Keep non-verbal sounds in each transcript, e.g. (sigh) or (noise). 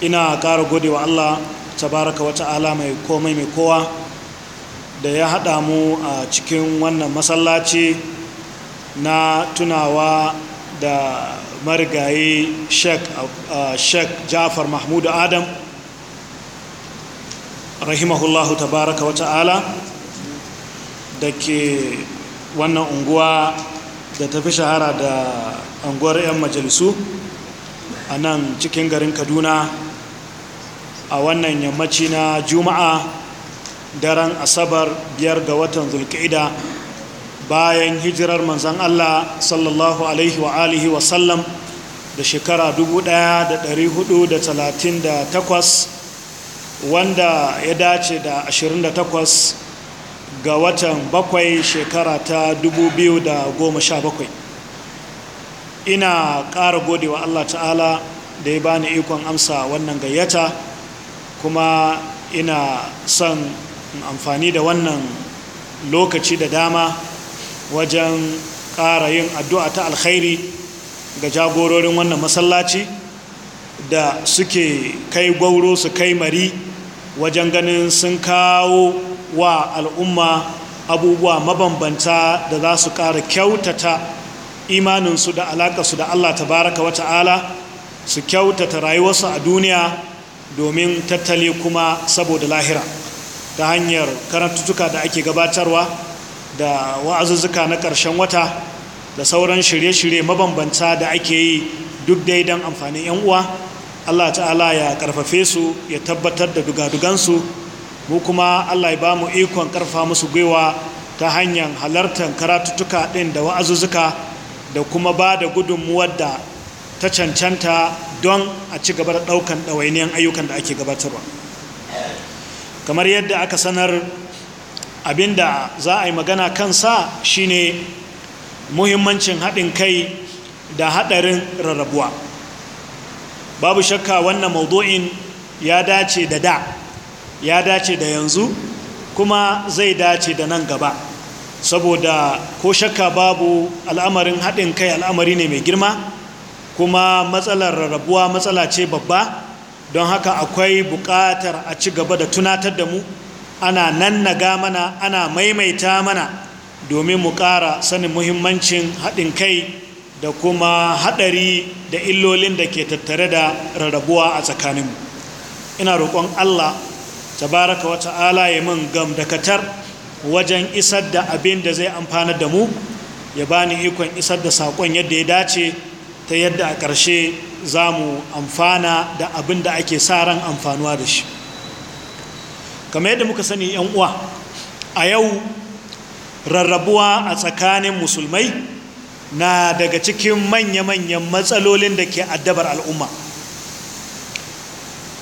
ina ƙara gode wa Allah tabaraka wata ala mai komai mai kowa da ya haɗa mu a cikin wannan masallaci na tunawa da marigayi shek uh, jafar mahmud adam rahimahullahu tabaraka wata ala da ke wannan unguwa da tafi shahara da unguwar 'yan majalisu a nan cikin garin kaduna a wannan yammaci na juma'a daren asabar biyar ga watan zulka'ida bayan hijirar manzan Allah sallallahu alaihi wa alihi wa sallam da shekara 1438 wanda ya dace da 28 ga watan bakwai shekara ta 2017 ina ƙara gode wa Allah ta'ala da ya bani ikon amsa wannan gayyata kuma ina son amfani da wannan lokaci da dama wajen ƙara yin addu'a ta alkhairi ga jagororin wannan masallaci da suke kai gwauro su kai mari wajen ganin sun kawo wa al'umma abubuwa mabambanta da za su ƙara kyautata imaninsu da alaƙarsu da Allah ta baraka wata'ala su kyautata rayuwarsu a duniya domin tattali kuma saboda lahira ta hanyar karantutuka da ake gabatarwa da wa'azuzzuka na ƙarshen wata da sauran shirye-shirye mabambanta da ake yi duk dai don amfanin 'yan uwa allah ta'ala ya ƙarfafe su ya tabbatar da dugadugansu mu kuma allah ya ba mu ikon ƙarfa musu gwiwa ta hanyar halartar karatuttuka ɗin da wa'azuzzuka da kuma ba da gudunmuwar da ta cancanta don a ci gaba da ɗaukan ɗawainiyan ayyukan da ake gabatarwa kamar yadda aka sanar abinda za a yi magana kansa shine muhimmancin haɗin kai da haɗarin rarrabuwa babu shakka wannan maudu'in ya dace da da ya dace da yanzu kuma zai dace da nan gaba saboda ko shakka babu al'amarin haɗin kai al'amari ne mai girma kuma matsalar rarrabuwa matsala ce babba don haka akwai buƙatar a ci gaba da tunatar da mu ana nan nannaga mana ana maimaita mana domin mu ƙara sanin muhimmancin haɗin kai da kuma haɗari da illolin da ke tattare da rarrabuwa a tsakaninmu ina roƙon allah tabaraka wa ta'ala ya min gamdakatar wajen isar da abin da zai amfanar da mu ya bani ikon isar da saƙon yadda ya dace ta yadda a ƙarshe za mu amfana da abin da ake sa ran amfanuwa da shi kamar yadda muka sani 'yan uwa a yau rarrabuwa a tsakanin musulmai na daga cikin manya-manyan matsalolin da ke addabar al'umma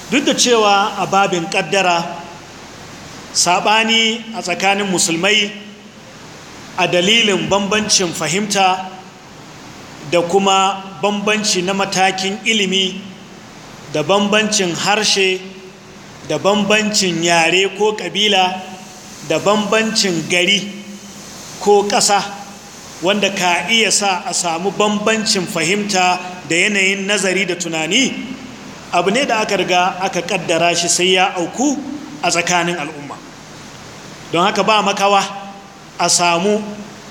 duk da cewa a babin ƙaddara saɓani a tsakanin musulmai a dalilin bambancin fahimta da kuma bambanci na matakin ilimi da bambancin harshe da bambancin yare ko ƙabila da bambancin gari ko ƙasa wanda ka iya sa a samu bambancin fahimta da yanayin nazari da tunani abu ne da aka riga aka kaddara shi sai ya auku a tsakanin al'umma don haka ba makawa a samu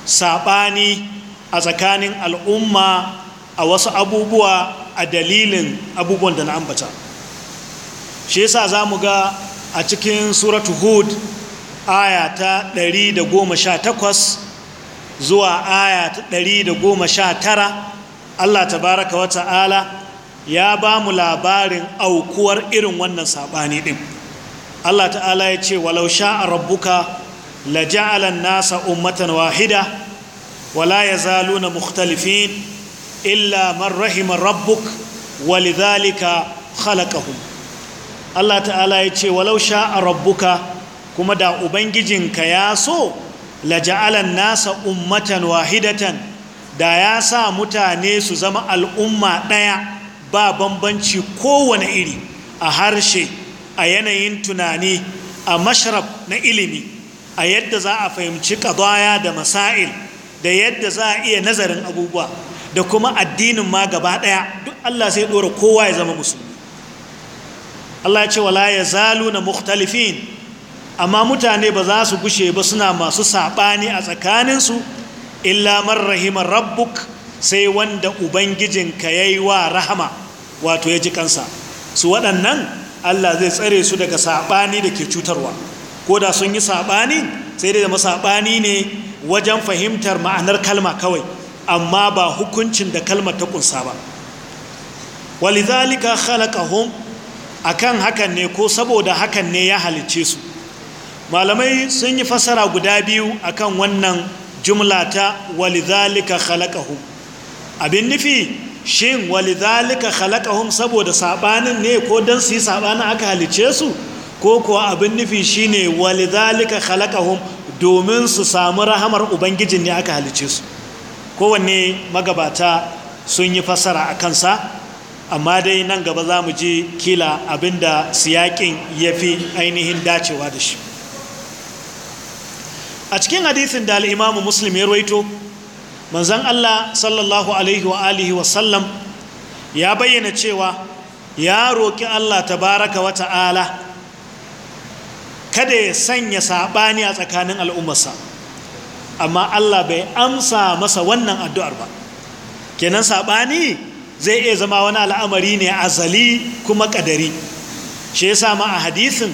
saɓani a tsakanin al'umma a wasu abubuwa a dalilin abubuwan da na ambata shi yasa za mu ga a cikin suratu hud aya ta 118 zuwa aya ta 119 Allah tabaraka wa ta'ala ya ba mu labarin aukuwar irin wannan saɓani ɗin Allah ta'ala ya ce walau a rabbuka la ja'alan nasa ummatan wahida wala ya zaluna mukhtalifin illa man rahimar rabbuk walidhalika khalaqahum Allah ta'ala ya ce walau sha'a rabbuka kuma da ubangijin ka ya so laja'alan nasa ummatan wahidatan da ya sa mutane su zama al'umma ɗaya ba bambanci kowane iri a harshe a yanayin tunani a masharab na ilimi a yadda za a fahimci ƙadaya da masail da yadda za a iya nazarin abubuwa da kuma addinin ma gaba ɗaya duk Allah sai ɗora kowa ya zama musulmi Allah ce wala ya zalu na mukhtalifin amma mutane ba za su gushe ba suna masu saɓani a tsakaninsu illa man rahimar rabbuk sai wanda ubangijin ka yayi wa rahama wato ya ji kansa su waɗannan Allah zai tsare su daga saɓani da ke cutarwa ko da sun yi saɓani sai dai da masaɓani ne wajen fahimtar ma'anar kalma kawai amma ba hukuncin da kalma ta kunsa ba walizalika khalaqahum akan hakan ne ko saboda hakan ne ya halice su malamai sun yi fasara guda biyu akan wannan jumla ta walizalika khalaqahum abin nufi shin walizalika khalaqahum saboda sabanin ne ko dan su yi sabanin aka halice su ko kuwa abin nufi shine walizalika khalaqahum domin su samu rahamar ubangijin ne aka halice su kowanne magabata sun yi fasara a kansa amma dai nan gaba za mu ji kila abinda siyakin ya fi ainihin dacewa da shi a cikin hadithin da al'imamu musulmi ya roito manzan allah sallallahu alaihi wa alihi wasallam ya bayyana cewa ya roƙi allah ta baraka wata ala. kada ya sanya saɓani a tsakanin al'ummarsa amma Allah bai amsa masa wannan addu'ar ba kenan saɓani zai iya zama wani al'amari ne azali kuma ƙadari shi ya ma a hadisin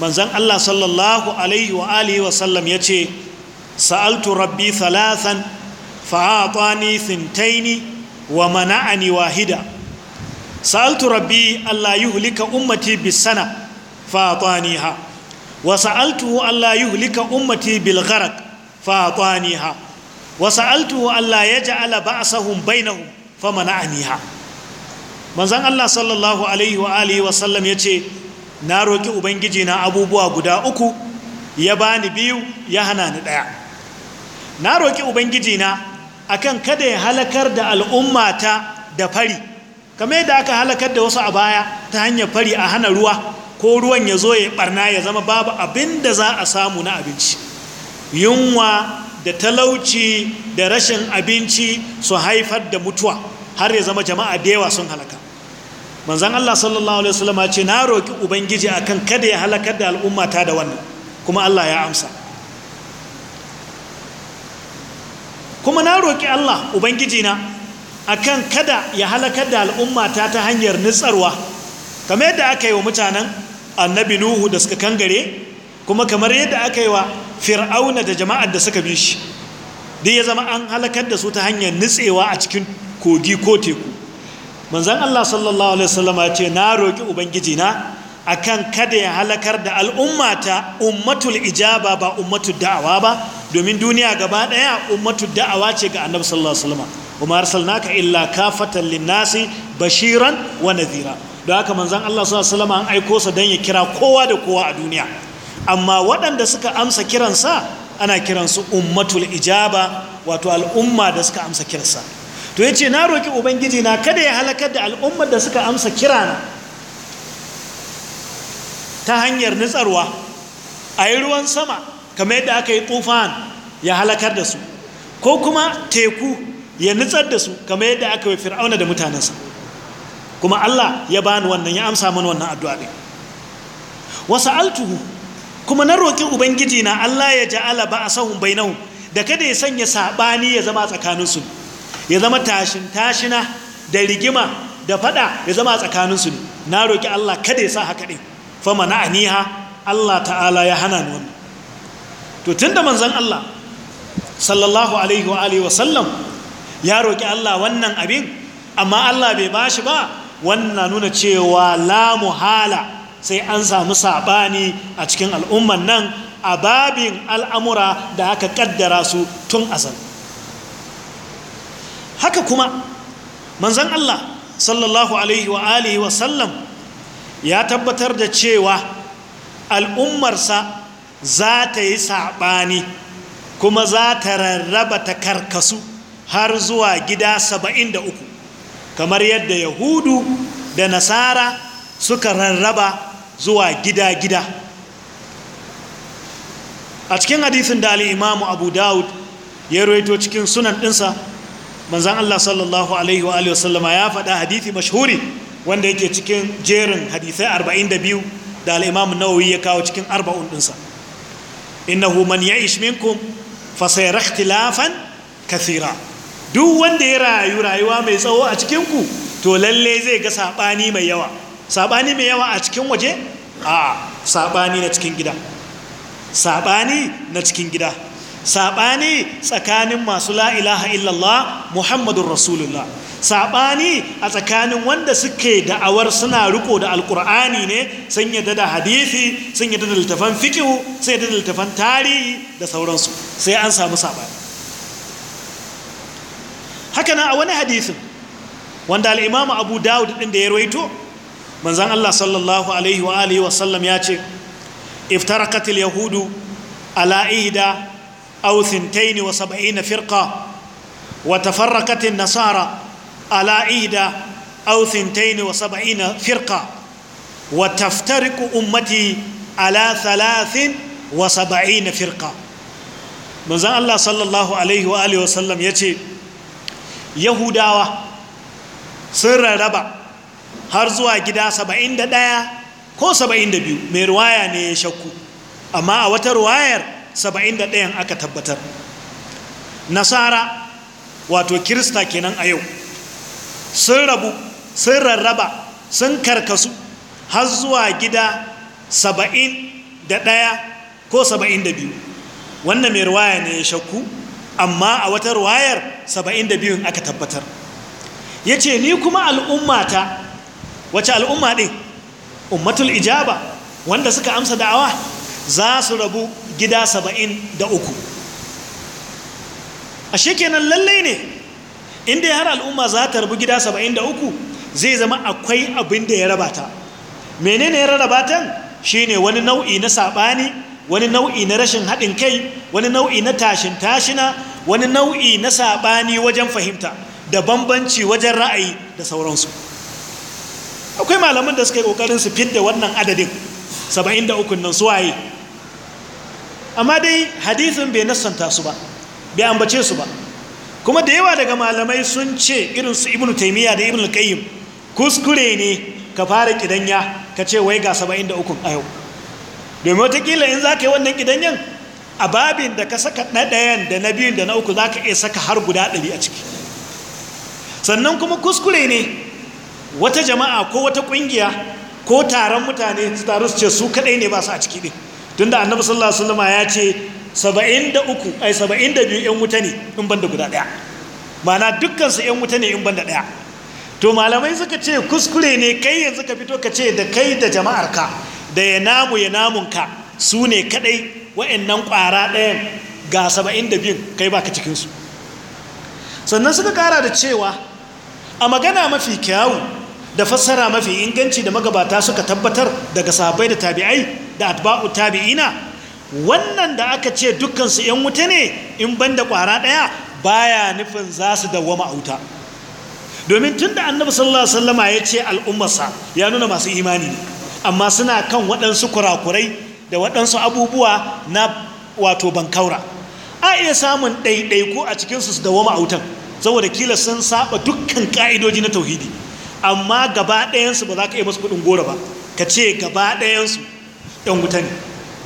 manzan Allah sallallahu alaihi wa alihi wasallam ya ce sa'altu rabbi thalathan fa'atani fintaini wa mana'ani wahida sa'altu rabbi Allah yuhlika ummati bisana fa'ataniha wa sa'altuhu alla yuhlika ummati bil gharq fa ataniha wa sa'altuhu alla yaj'ala ba'sahum bainahum famana'aniha manzon Allah sallallahu alaihi wa alihi wa sallam yace na roki ubangiji na abubuwa guda uku ya bani biyu ya hana ni daya na roki ubangiji na akan kada ya halakar da al'ummata da fari kamar yadda aka halakar da wasu a baya ta hanyar fari a hana ruwa ko ruwan ya zo ya barna ya zama babu abinda za a samu na abinci yunwa da talauci da rashin abinci su haifar da mutuwa har ya zama jama'a da yawa sun halaka manzan Allah sallallahu alaihi wasallam ya ce na roki ubangiji akan kada ya halakar da al'umma ta da wannan kuma Allah ya amsa kuma na roki Allah ubangiji na akan kada ya halakar da al'umma ta ta hanyar nitsarwa kamar yadda aka yi wa mutanen annabi nuhu da suka kangare kuma kamar yadda aka yi wa fir'auna da jama'ar da suka bi shi dai ya zama an halakar da su ta hanyar nutsewa a cikin kogi ko teku manzan allah sallallahu alaihi wasallam ya ce na roƙi ubangiji na akan kada ya halakar da al'ummata ummatul ijaba ba ummatul da'awa ba domin duniya gaba ɗaya ummatul da'awa ce ga annabi sallallahu alaihi wasallam umar salnaka illa kafatan linnasi bashiran wa Nazira. da haka manzan Allah suna alaihi an aiko sa don ya kira kowa da kowa a duniya amma waɗanda suka amsa kiransa ana kiransu ummatul ijaba wato al'umma da suka amsa kiransa to ya ce na roƙi ubangiji na kada ya halakar da al'ummar da suka amsa kirana ta hanyar nitsarwa a yi ruwan sama kamar yadda aka yi tufan ya halakar da su ko kuma teku ya nutsar da su kamar yadda aka yi fir'auna da mutanensa kuma Allah ya bani wannan ya amsa mini wannan addu'a ne wasu altuhu kuma na roki ubangiji na Allah ya ja'ala ba a sahun bainahum da kada ya sanya saɓani ya zama tsakaninsu ya zama tashin tashina da rigima da faɗa ya zama tsakaninsu na roki Allah kada ya sa haka din fama na aniha Allah ta'ala ya hana ni wannan to tunda manzon Allah sallallahu alaihi wa alihi sallam ya roki Allah wannan abin amma Allah bai bashi ba wannan nuna cewa la sai an samu saɓani a cikin al'umman nan a babin al'amura da aka ƙaddara su tun asal haka kuma manzan Allah sallallahu alaihi wa alihi wa sallam ya tabbatar da cewa al'ummarsa za ta yi saɓani kuma za ta rarraba ta karkasu har zuwa gida saba'in da uku kamar yadda yahudu da nasara suka rarraba zuwa gida-gida a cikin hadisin da al'imamu abu dawud ya roito cikin sunan ɗinsa manzan Allah sallallahu Alaihi wa ya faɗa hadithi mashhuri wanda yake cikin jerin hadithai 42 da al'imamu nawawi ya kawo cikin arba'un ɗinsa innahu man ya ishminkum fasairar tilafan kathira duk wanda ya rayu rayuwa mai tsawo a cikinku to lalle zai ga saɓani mai yawa saɓani mai yawa a cikin waje a saɓani na cikin gida saɓani na cikin gida saɓani tsakanin masu la'ilaha illallah muhammadun rasulullah saɓani a tsakanin wanda suke da'awar suna riko da alkur'ani ne sun yadda da hadithi sun yadda da littafan fikihu sun yadda da littafan tarihi da sauransu sai an samu saɓani haka na a wani hadisin wanda al'imam abu dawud ɗin da ya rawaito manzan Allah sallallahu alaihi wa alihi wasallam ya ce iftarakatil yahudu ala ihda wa nasara ala ihda aw wa ummati ala thalathin wa manzan Allah sallallahu alaihi wa alihi wasallam ya ce yahudawa sun rarraba har zuwa gida 71 ko 72 mai ruwaya ne ya shakku amma a wata ruwayar 71 aka tabbatar nasara wato kirista kenan a yau sun rabu sun rarraba sun karkasu har zuwa gida 71 ko 72 wannan mai ruwaya ne ya shakku amma a wata ruwayar 72 aka tabbatar ya ce ni kuma al'ummata wace al'umma ɗin ummatul ijaba wanda suka amsa da'awa za su rabu gida 73 a shekenan lallai ne inda ya har al'umma za ta rabu gida 73 zai zama akwai abin da ya rabata menene ya rabatan shine wani nau'i na saɓani wani nau'i na rashin haɗin kai wani nau'i na tashin tashina wani nau'i na saɓani wajen fahimta da bambanci wajen ra'ayi da sauransu akwai malaman da suka yi ƙoƙarin su fidda wannan adadin saba'in da ukun nan suwaye amma dai hadithin bai nassanta su ba bai ambace su ba kuma da yawa daga malamai sun ce irin su ibnu taimiyya da ibnu Kayyim, kuskure ne ka fara kidanya ka ce wai ga saba'in da ukun a yau domin watakila in za ka yi wannan gidanyen a babin da ka saka na ɗayan da na biyun da na uku za ka iya saka har guda ɗari a ciki sannan kuma kuskure ne wata jama'a ko wata ƙungiya ko taron mutane su taru su ce su kaɗai ne ba su a ciki ɗin tun da annabi sallallahu alaihi wasallam ya ce saba'in da uku ai saba'in da biyu 'yan wuta ne in ban da guda ɗaya ma'ana dukkansu 'yan wuta ne in ban da ɗaya to malamai suka ce kuskure ne kai yanzu ka fito ka ce da kai da jama'arka da ya namu ya namunka su ne kaɗai wa'annan ƙwara ɗayan ga saba'in da biyun kai baka cikinsu sannan suka kara da cewa a magana mafi kyawu da fassara mafi inganci da magabata suka tabbatar daga sabai da tabi'ai da atba'u tabi'ina wannan da aka ce dukkansu 'yan wuta ne in banda kwara ɗaya baya nufin za su dawwama a wuta domin tun da annabi sallallahu ala'uwa ya ce al'ummarsa ya nuna masu imani ne amma suna kan waɗansu kurakurai da waɗansu abubuwa na wato bankaura a iya samun ɗaiɗaiku a cikinsu su dawoma autan saboda kila sun saba dukkan ƙa'idoji na tauhidi amma gaba ɗayansu ba za ka iya masu kuɗin goro ba ka ce gaba ɗayansu ‘yan wuta ne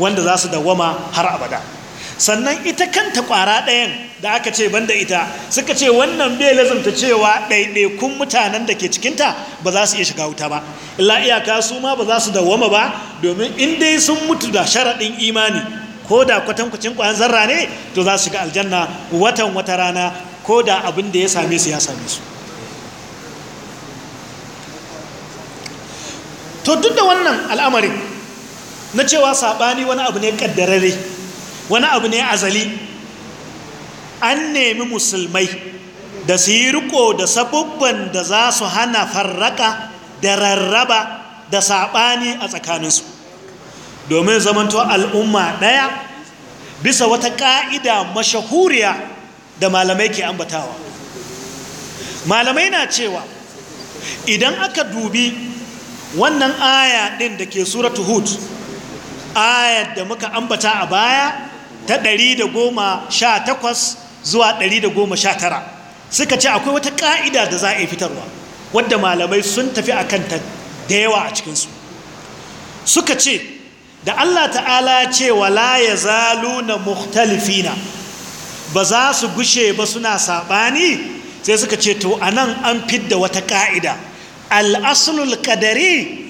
wanda za su dawama har abada sannan ita kanta kwara ɗayan da aka ce banda ita suka ce wannan bai lazumta cewa ɗaiɗaikun mutanen da ke cikinta ba za su iya shiga wuta ba illa iyaka su ma ba za su dawwama ba domin in dai sun mutu da sharaɗin imani ko da kwatankwacin ƙwayan zarra ne to za su shiga aljanna watan wata rana ko da abin da ya same su ya same su to duk da wannan al'amarin na cewa saɓani wani abu ne ƙaddarare wani abu ne azali an nemi musulmai da su yi riko da sabubban da za su hana farraka da rarraba da saɓani a tsakaninsu domin zamanto al'umma ɗaya bisa wata ƙa'ida mashahuriya da malamai ke ambatawa malamai na cewa idan aka dubi wannan aya ɗin da ke suratu hud ayar da muka ambata a baya ta 118 zuwa 119 suka ce akwai wata ƙa'ida da za a yi fitarwa wadda malamai sun tafi a kanta da yawa a cikinsu suka ce da Allah ta'ala ce wala ya zaluna mukhtalifina ba za su gushe ba suna saɓani sai suka ce to a nan an fidda wata ƙa'ida al'asulul ƙadari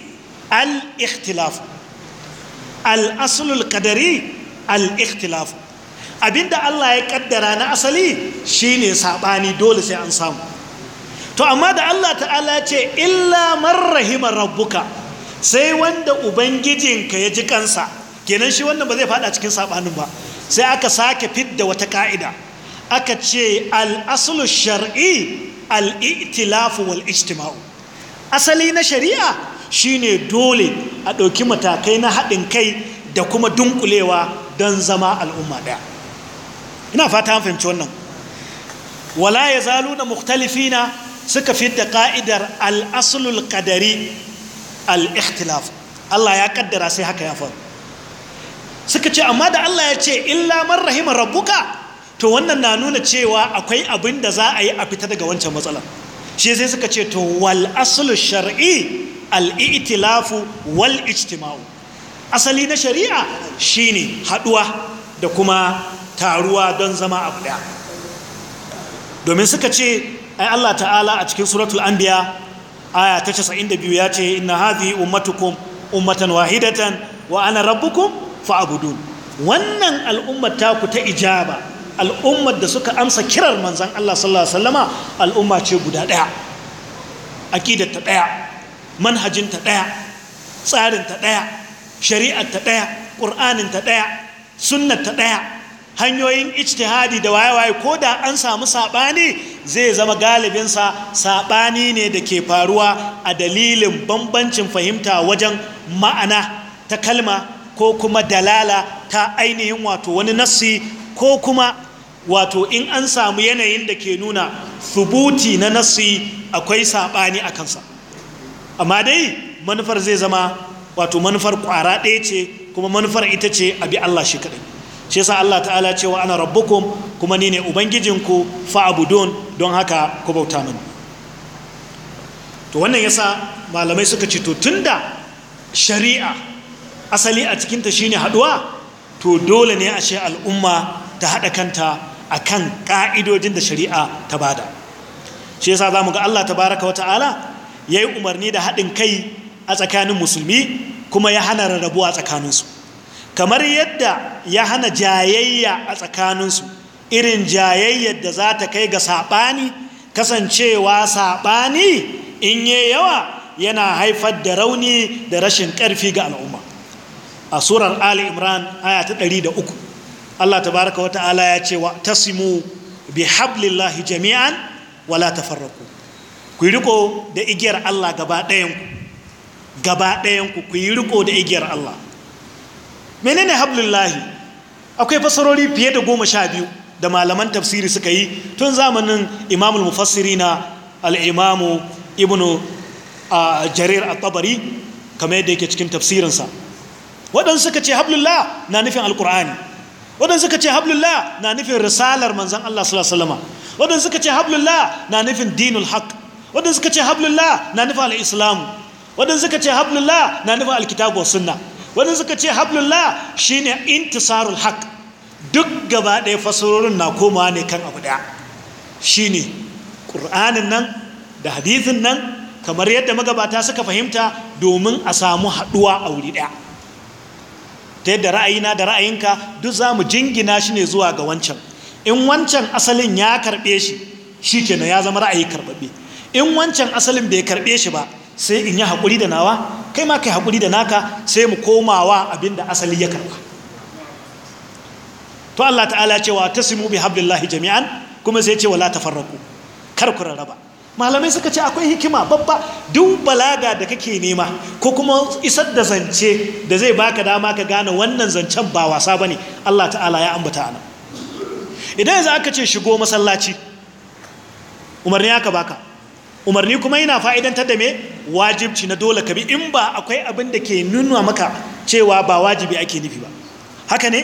al'ikhtilafu al'asulul ƙadari al-ikhtilaf abinda Allah ya kaddara na asali shine sabani dole sai an samu to amma da Allah ta'ala ce illa man rahima rabbuka sai wanda ubangijinka ya ji kansa kenan shi wannan ba zai fada cikin sabanin ba sai aka sake fidda wata ka'ida aka ce al-aslu shar'i al wal-ijtima'u asali na shari'a shine dole a ɗauki matakai na haɗin kai da kuma dunkulewa don zama al'umma ɗaya ina fata fahimci wannan wala ya zalu da mukhtalifina suka fi da ka'idar al'asulul kadari al'ikhtilaf Allah ya ƙaddara sai haka ya faru suka ce amma da Allah ya ce illa man rahima rabbuka to wannan na nuna cewa akwai abin da za a yi a fita daga wancan matsalar shi sai suka ce to wal aslu shar'i al-i'tilafu wal ijtima'u asali na shari'a shine haduwa da kuma taruwa don zama abu daya domin suka ce ai Allah ta'ala a cikin suratul anbiya aya ta 92 ya ce inna hadhihi ummatukum ummatan wahidatan wa ana rabbukum fa'budun wannan al'ummar taku ta ijaba al'ummar da suka amsa kirar manzon Allah sallallahu alaihi wasallama al'umma ce guda daya aqidar ta daya manhajin ta daya tsarin ta daya shari'ar ta ɗaya ƙur'anin ta ɗaya sunnar ta ɗaya hanyoyin ijtihadi da waye-waye ko da an samu saɓani zai zama galibinsa saɓani ne da ke faruwa a dalilin bambancin fahimta wajen ma'ana ta kalma ko kuma dalala ta ainihin wato wani nassi ko kuma wato in an samu yanayin da ke nuna subuti na nassi akwai saɓani a kansa amma dai manufar zai zama wato manufar kwara ɗaya ce kuma manufar ita ce a bi Allah shi kaɗai shi yasa Allah ta'ala cewa ana rabbukum kuma ni ne ubangijinku fa'budun don haka ku bauta mani to wannan yasa malamai suka ce to tunda shari'a asali a cikin ta shine haduwa to dole ne a ce al'umma ta hada kanta akan ka'idojin da shari'a ta bada shi yasa zamu ga Allah tabaraka wa ta'ala yayi umarni da hadin kai a tsakanin musulmi kuma ya hana rarrabu a tsakaninsu kamar yadda ya hana jayayya a tsakaninsu irin jayayyar da za ta kai ga saɓani kasancewa saɓani in yi yawa yana haifar da rauni da rashin ƙarfi ga al'umma a surar ali imran aya ta ɗari da uku allah tabaraka wa ya ce wa tasimu bi hablillahi jami'an wala ta farraku. ku riko da igiyar allah gaba ɗayanku gaba ɗayanku ku yi riko da igiyar Allah menene hablullahi akwai fasarori fiye da goma sha biyu da malaman tafsiri suka yi tun zamanin imamul mufassiri na al'imamu ibnu jarir at-tabari kamar yadda yake cikin tafsirinsa waɗansu suka ce hablullah na nufin alkur'ani waɗansu suka ce hablullah na nufin risalar manzan Allah sallallahu alaihi waɗansu suka ce hablullah na nufin dinul haq waɗansu suka ce hablullah na nufin al'islamu wadanda suka ce hablullah na nufin alkitabu sunna wadanda suka ce hablullah shine intisarul haq duk gaba ɗaya fasarorin na komawa ne kan abu ɗaya shine ƙur'anin nan da hadithin nan kamar yadda magabata suka fahimta domin a samu haɗuwa a wuri ɗaya ta yadda ra'ayina da ra'ayinka duk za mu jingina shi ne zuwa ga wancan in wancan asalin ya karɓe shi shi na ya zama ra'ayi karɓaɓɓe in wancan asalin bai karɓe shi ba sai in yi haƙuri da nawa kai ma kai haƙuri da naka sai mu komawa abin da asali ya karɓa to Allah ta'ala cewa ta simu bi hablillahi jami'an kuma sai ce wala tafarraku kar ku rarraba malamai suka ce akwai hikima babba duk balaga da kake nema ko kuma isar da zance da zai baka dama ka gane wannan zancen ba wasa ba ne. Allah ta'ala ya ambata anan idan yanzu aka ce shigo masallaci umarni aka baka umarni kuma yana fa'idantar da mai wajibci na dole ka bi in ba akwai abin da ke nuna maka cewa ba wajibi ake nufi ba haka ne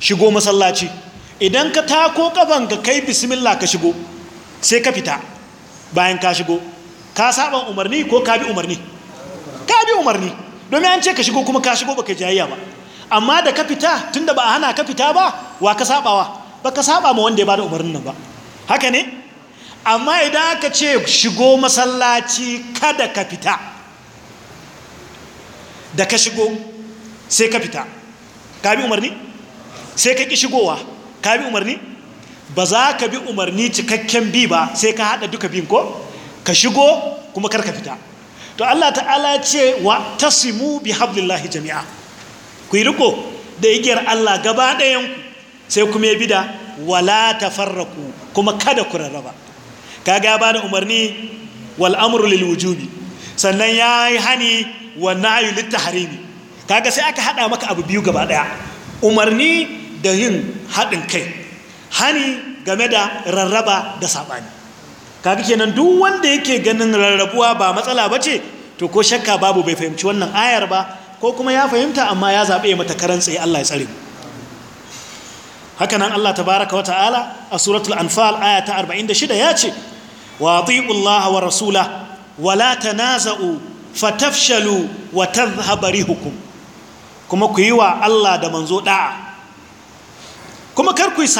shigo masallaci idan ka tako kafan ka kai bismillah ka shigo sai ka fita bayan ka shigo ka saɓa umarni ko ka bi umarni ka bi umarni domin an ce ka shigo kuma ka shigo baka jayayya ba amma da ka fita tunda ba a hana ka fita ba wa ka sabawa ba ka saba ma wanda ya bada umarnin nan ba haka ne amma idan aka ce shigo masallaci kada ka fita da ka shigo sai ka fita ka bi umarni sai ka ƙi shigowa ka bi umarni ba za ka bi umarni cikakken bi ba sai ka haɗa duka bin ko ka shigo kuma kar ka fita to Allah ta'ala ce wa tasimu bi hablillahi jami'a ku yi riko da igiyar Allah gaba ɗayan sai kuma ya bi da wala tafarraku kuma kada ku rarraba kaga ya bada umarni wal amru lil wujubi sannan ya yi hani wa na'yu lit tahrimi kaga sai aka hada maka abu biyu gaba daya umarni da yin haɗin kai hani game da rarraba da saɓani. kaga kenan duk wanda yake ganin rarrabuwa ba matsala ba ce to ko shakka babu bai fahimci wannan ayar ba ko kuma ya fahimta amma ya zabe mata karan tsaye Allah ya tsare hakanan Allah baraka wa ta'ala a suratul anfal aya ta 46 ya ce wa ati'u Allah wa rasula wa la tanaza'u fatafshalu wa tadhhaba rihukum kuma ku yi wa Allah da manzo da'a kuma kar ku yi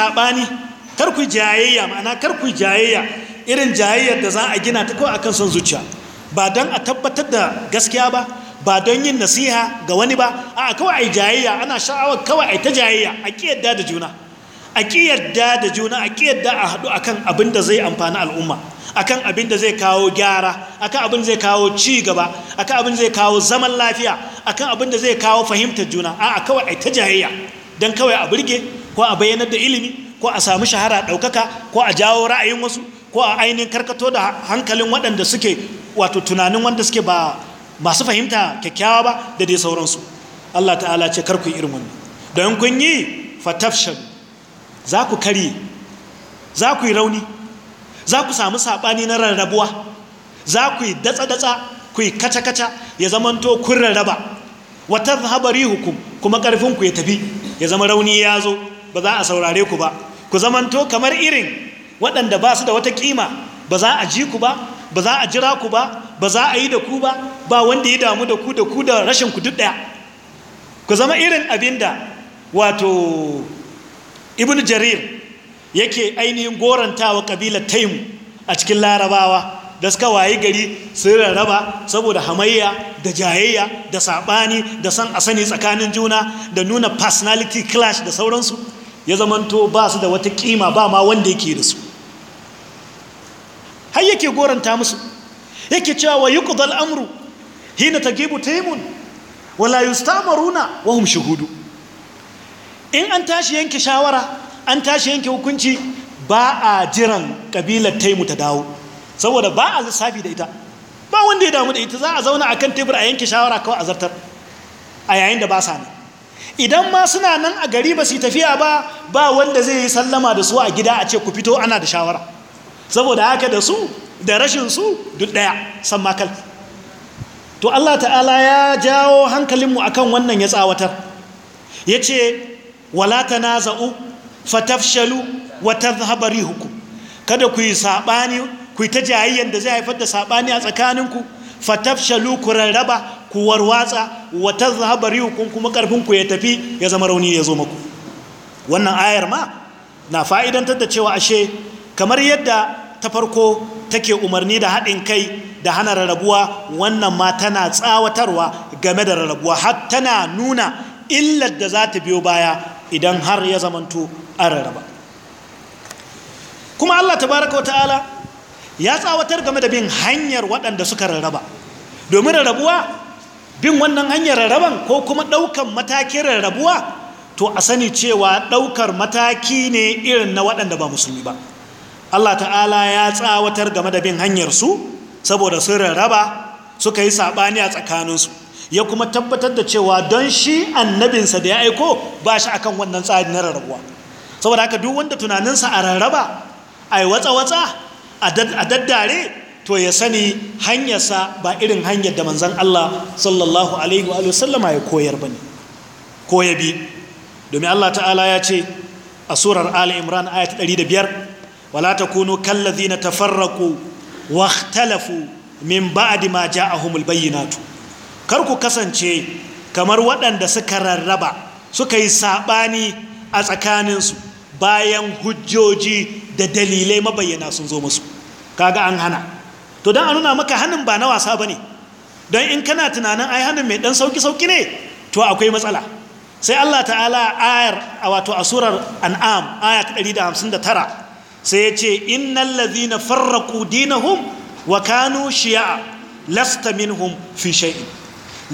kar ku jayayya mana kar ku jayayya irin jayayyar da za a gina ta kawai akan son zuciya ba don a tabbatar da gaskiya ba ba don yin nasiha ga wani ba a'a kawai a jayayya ana sha'awar kawai a ta jayayya a ki yadda da juna a yarda da juna a yarda a haɗu akan abin da zai amfani al'umma akan abin da zai kawo gyara akan abin zai kawo ci gaba akan abin zai kawo zaman lafiya akan abin da zai kawo fahimtar juna a'a kawai a ta jayayya don kawai a burge ko a bayyanar da ilimi ko a samu shahara ɗaukaka ko a jawo ra'ayin wasu ko a ainihin karkato da hankalin waɗanda suke wato tunanin wanda suke ba masu fahimta kyakkyawa ba da dai sauransu Allah ta'ala ce karku irin wannan don kun yi fatafshalu za ku karye za ku yi rauni za ku samu saɓani na rarrabuwa za ku yi datsa-datsa ku yi kaca-kaca ya zamanto kun rarraba wata habari hukum kuma ƙarfinku ya tafi ya zama rauni ya zo ba za a saurare ku ba ku zamanto kamar irin waɗanda ba su da wata ƙima ba za a ji ku ba ba za a jira ku ba ba za a yi da ku ba ba wanda ya damu da ku da ku da rashin ku duk ɗaya ku zama irin abinda wato ibn jarir yake ainihin gorantawa kabilar taimu a cikin larabawa da suka wayi gari sun rarraba saboda hamayya da jayayya da saɓani da san a sani tsakanin juna da nuna personality clash da sauransu ya zamanto ba su da wata kima ba ma wanda yake da su har yake goranta musu yake cewa wa yi amru hina ta gebu taimun wala yustamaruna hum shuhudu in an tashi yanke shawara an tashi yanke hukunci ba a jiran kabilar taimu ta dawo saboda ba a lissafi da ita ba wanda ya damu da ita za a zauna a kan tebur a yanke shawara kawai a zartar a yayin da ba sa nan idan ma suna nan a gari ba su tafiya ba ba wanda zai yi sallama da su a gida a ce ku fito ana da shawara saboda haka da su da rashin su duk daya san makal to Allah ta'ala ya jawo hankalinmu akan wannan ya tsawatar ya ce wala tanaza'u fatafshalu wa tadhhabu rihukum kada ku yi sabani ku ta jayayyan da zai haifar da sabani a tsakaninku fatafshalu ku rarraba ku warwatsa wa tadhhabu rihukum kuma karfin ku ya tafi ya zama rauni ya zo muku wannan ayar ma na fa'idantar da cewa ashe kamar yadda ta farko take umarni da haɗin kai da hana rarrabuwa wannan ma tana tsawatarwa game da rarrabuwa har tana nuna illar da za ta biyo baya idan har ya zamantu an rarraba kuma Allah tabaraka wa ta'ala ya tsawatar game da bin hanyar waɗanda suka rarraba domin rarrabuwa bin wannan hanyar rarraban ko kuma ɗaukar matakin rarrabuwa to a sani cewa ɗaukar mataki ne irin na waɗanda ba musulmi ba Allah ta'ala ya tsawatar game da bin hanyarsu saboda sun rarraba suka yi saɓani a tsakaninsu ya kuma tabbatar da cewa don shi annabinsa da ya aiko ba shi akan wannan tsari na rarrabuwa saboda haka duk wanda tunaninsa a rarraba a yi watsa-watsa a daddare to ya sani hanyarsa ba irin hanyar da manzan Allah sallallahu alaihi wa sallama ya koyar ba ne ko ya bi domin Allah ta'ala ya ce a surar ala Imran ayat 105 wala takunu kallazina tafarraqu واختلفوا من بعد ما جاءهم البينات kar ku kasance kamar waɗanda suka rarraba suka yi saɓani a tsakaninsu bayan hujjoji da dalilai mabayyana sun zo musu kaga an hana to don a nuna maka hannun ba na wasa ba ne don in kana tunanin ai hannun mai ɗan sauki-sauki ne to akwai matsala sai Allah ta'ala ayar a wato a surar an'am aya ta tara, sai ya ce innal ladhina farraku dinahum wa kanu shi'a lasta minhum fi shai'in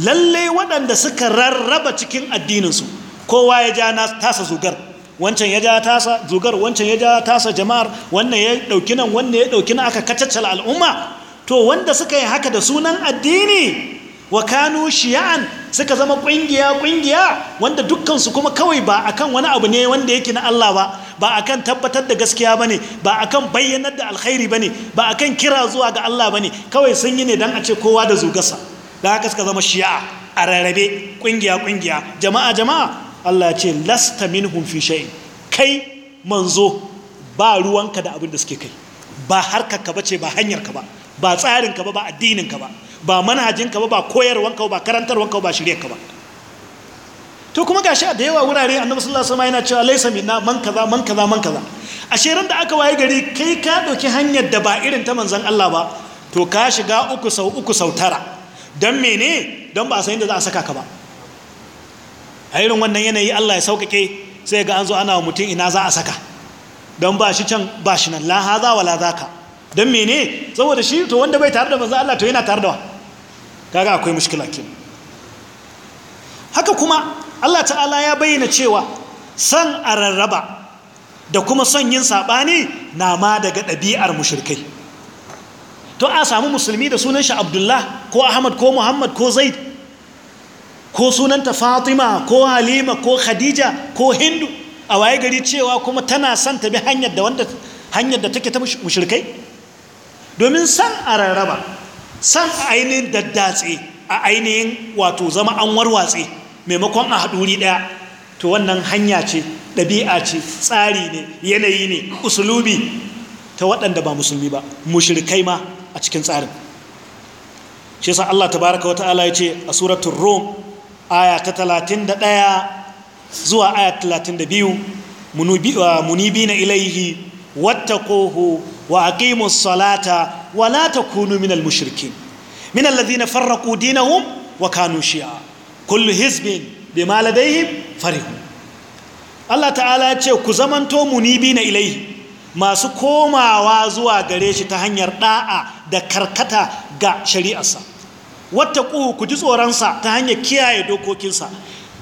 lallai waɗanda suka rarraba cikin addininsu kowa ya ja tasa zugar wancan ya ja tasa zugar wancan ya ja tasa jama'ar wannan ya ɗauki nan wannan ya ɗauki nan aka kacaccala al'umma to wanda suka yi haka da sunan addini wa kanu shiya'an suka zama ƙungiya ƙungiya wanda dukkansu kuma kawai ba akan wani abu ne wanda yake na Allah ba ba akan tabbatar da gaskiya bane ba akan bayyanar da alkhairi bane ba akan kira zuwa ga Allah bane kawai sun yi ne dan a ce kowa da zugarsa da haka suka zama shi'a a rarrabe kungiya kungiya jama'a jama'a Allah ce lasta min fi shay'in kai manzo ba ruwanka da abin da suke kai ba harkar ka ce ba hanyar ka ba ba tsarin ka ba ba addinin ka ba ba manhajin ka ba ba koyarwan ka ba karantarwan ka ba shirya ka ba to kuma gashi da yawa wurare annabi sallallahu alaihi wasallam yana cewa laysa minna man kaza man kaza man kaza ashe ran da aka waye gari kai ka ɗauki hanyar da ba irin ta manzon Allah ba to ka shiga uku sau uku sau tara don mene don ba a san da za a saka ka ba a irin wannan yanayi Allah ya sauƙaƙe sai ga an zo ana wa mutum ina za a saka don ba shi can ba shi nan la wa wala don mene saboda shi to wanda bai tare da maza Allah to yana tare da wa kaga akwai mushkila ke haka kuma Allah ta'ala ya bayyana cewa san a rarraba da kuma son yin saɓani na ma daga ɗabi'ar mushrikai to a samu musulmi da sunan shi abdullah ko ahmad ko muhammad ko zaid ko sunanta fatima ko halima ko khadija ko hindu a waye gari cewa kuma tana son ta bi hanyar da wanda hanyar da take ta mushrikai domin san a rarraba san ainihin daddatse a ainihin wato zama an warwatse maimakon a haɗuri ɗaya to wannan hanya ce ɗabi'a ce tsari ne yanayi ne usulubi ta waɗanda ba musulmi ba mushrikai ma a cikin tsarin shi yasa Allah tabaraka wata'ala ya ce a suratul rom aya ta 31 zuwa aya 32 munibina ilaihi wattaquhu wa aqimus salata wa la takunu minal mushrikin minal ladhina farraqu dinahum wa kanu shi'a kullu hizbin bima ladayhim farihun Allah ta'ala ya ce ku zamanto munibina ilaihi masu komawa zuwa gare shi ta hanyar da'a da karkata ga shari'arsa wata ku ji tsoronsa ta hanyar kiyaye dokokinsa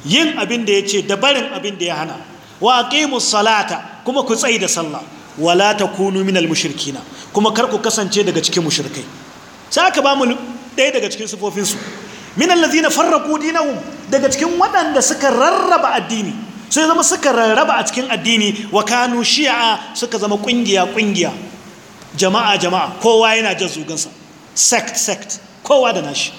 yin abin da ya ce da barin abin da ya hana wa aqimu salata kuma ku tsai da sallah wala takunu minal mushrikina kuma kar ku kasance daga cikin mushrikai sai aka ba mu ɗaya daga cikin sifofinsu minal ladina farraqu dinahum daga cikin waɗanda suka rarraba addini sai zama suka rarraba a cikin addini wa kanu shi'a suka zama kungiya kungiya jama'a jama'a kowa yana jan zugansa sect sect kowa da nashi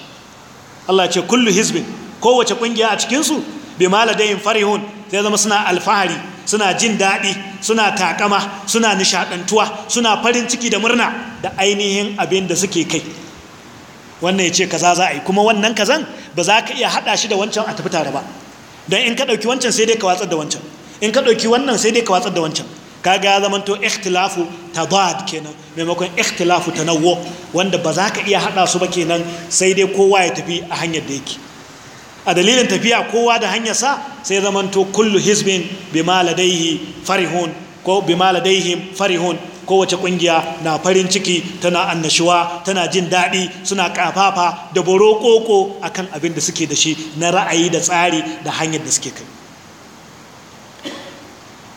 Allah ce kullu hizbin kowace kungiya a cikin su bi maladayin farihun sai zama suna alfahari suna jin daɗi suna takama suna nishadantuwa, suna farin ciki da murna da ainihin abin da suke kai wannan ya ce kaza za a yi kuma wannan kazan ba za ka iya haɗa shi da wancan a tafi tare ba don in ka ɗauki wancan sai dai ka watsar da wancan in ka ɗauki wannan sai dai ka watsar da wancan ga ya zamanto ikhtilafu tadad kenan maimakon ikhtilafu nauwo. wanda ba za ka iya haɗa su ba kenan sai dai kowa ya tafi a hanyar da yake a dalilin tafiya kowa da hanyar sa sai zamanto kullu hizbin bima ladaihi farihun ko bima farihun kowace kungiya na farin ciki tana annashuwa tana jin daɗi suna kafafa da borokoko kan abin da suke da shi na ra'ayi da tsari da hanyar da suke kai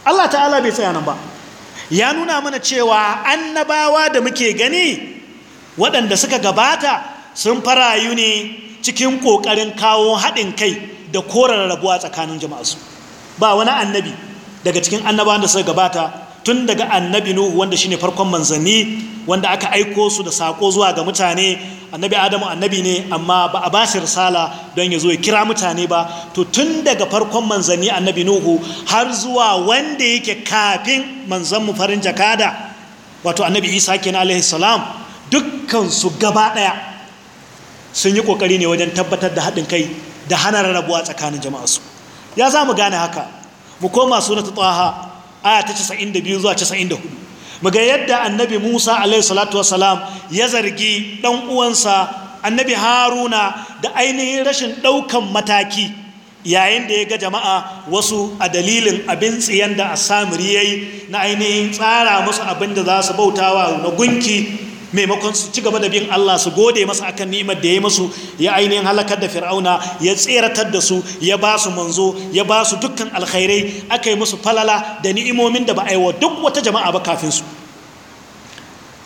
Allah ta'ala bai tsaya nan ba ya nuna mana cewa annabawa da muke gani waɗanda suka gabata sun farayu ne cikin ƙoƙarin kawo haɗin kai da korar rabuwa tsakanin su. ba wani annabi daga cikin annabawan da suka gabata tun daga annabi nuhu wanda shine farkon manzanni wanda aka aiko su da sako zuwa ga mutane annabi adamu annabi ne amma ba a bashi risala don ya zo ya kira mutane ba to tun daga farkon manzanni annabi nuhu har zuwa wanda yake kafin manzan mu farin jakada wato annabi isa kenan alaihi salam dukkan su gaba daya sun yi kokari ne wajen tabbatar da haɗin kai da hana rarrabuwa tsakanin jama'a su ya za mu gane haka mu koma sunatu taha aya ta 92 zuwa 94 muga yadda annabi Musa alaihi ya zargi dan uwansa annabi Haruna da ainihin rashin daukan mataki yayin da ya ga jama'a wasu a dalilin abin tsiyan da asamiri yayi na ainihin tsara masu abin da za su bautawa na gunki maimakon su ci gaba da bin Allah su gode masa akan ni'imar da ya musu ya ainihin halakar da fir'auna ya tseratar da su ya ba su manzo ya ba su dukkan alkhairai aka yi musu falala da ni'imomin da ba a yi wa duk wata jama'a ba kafin su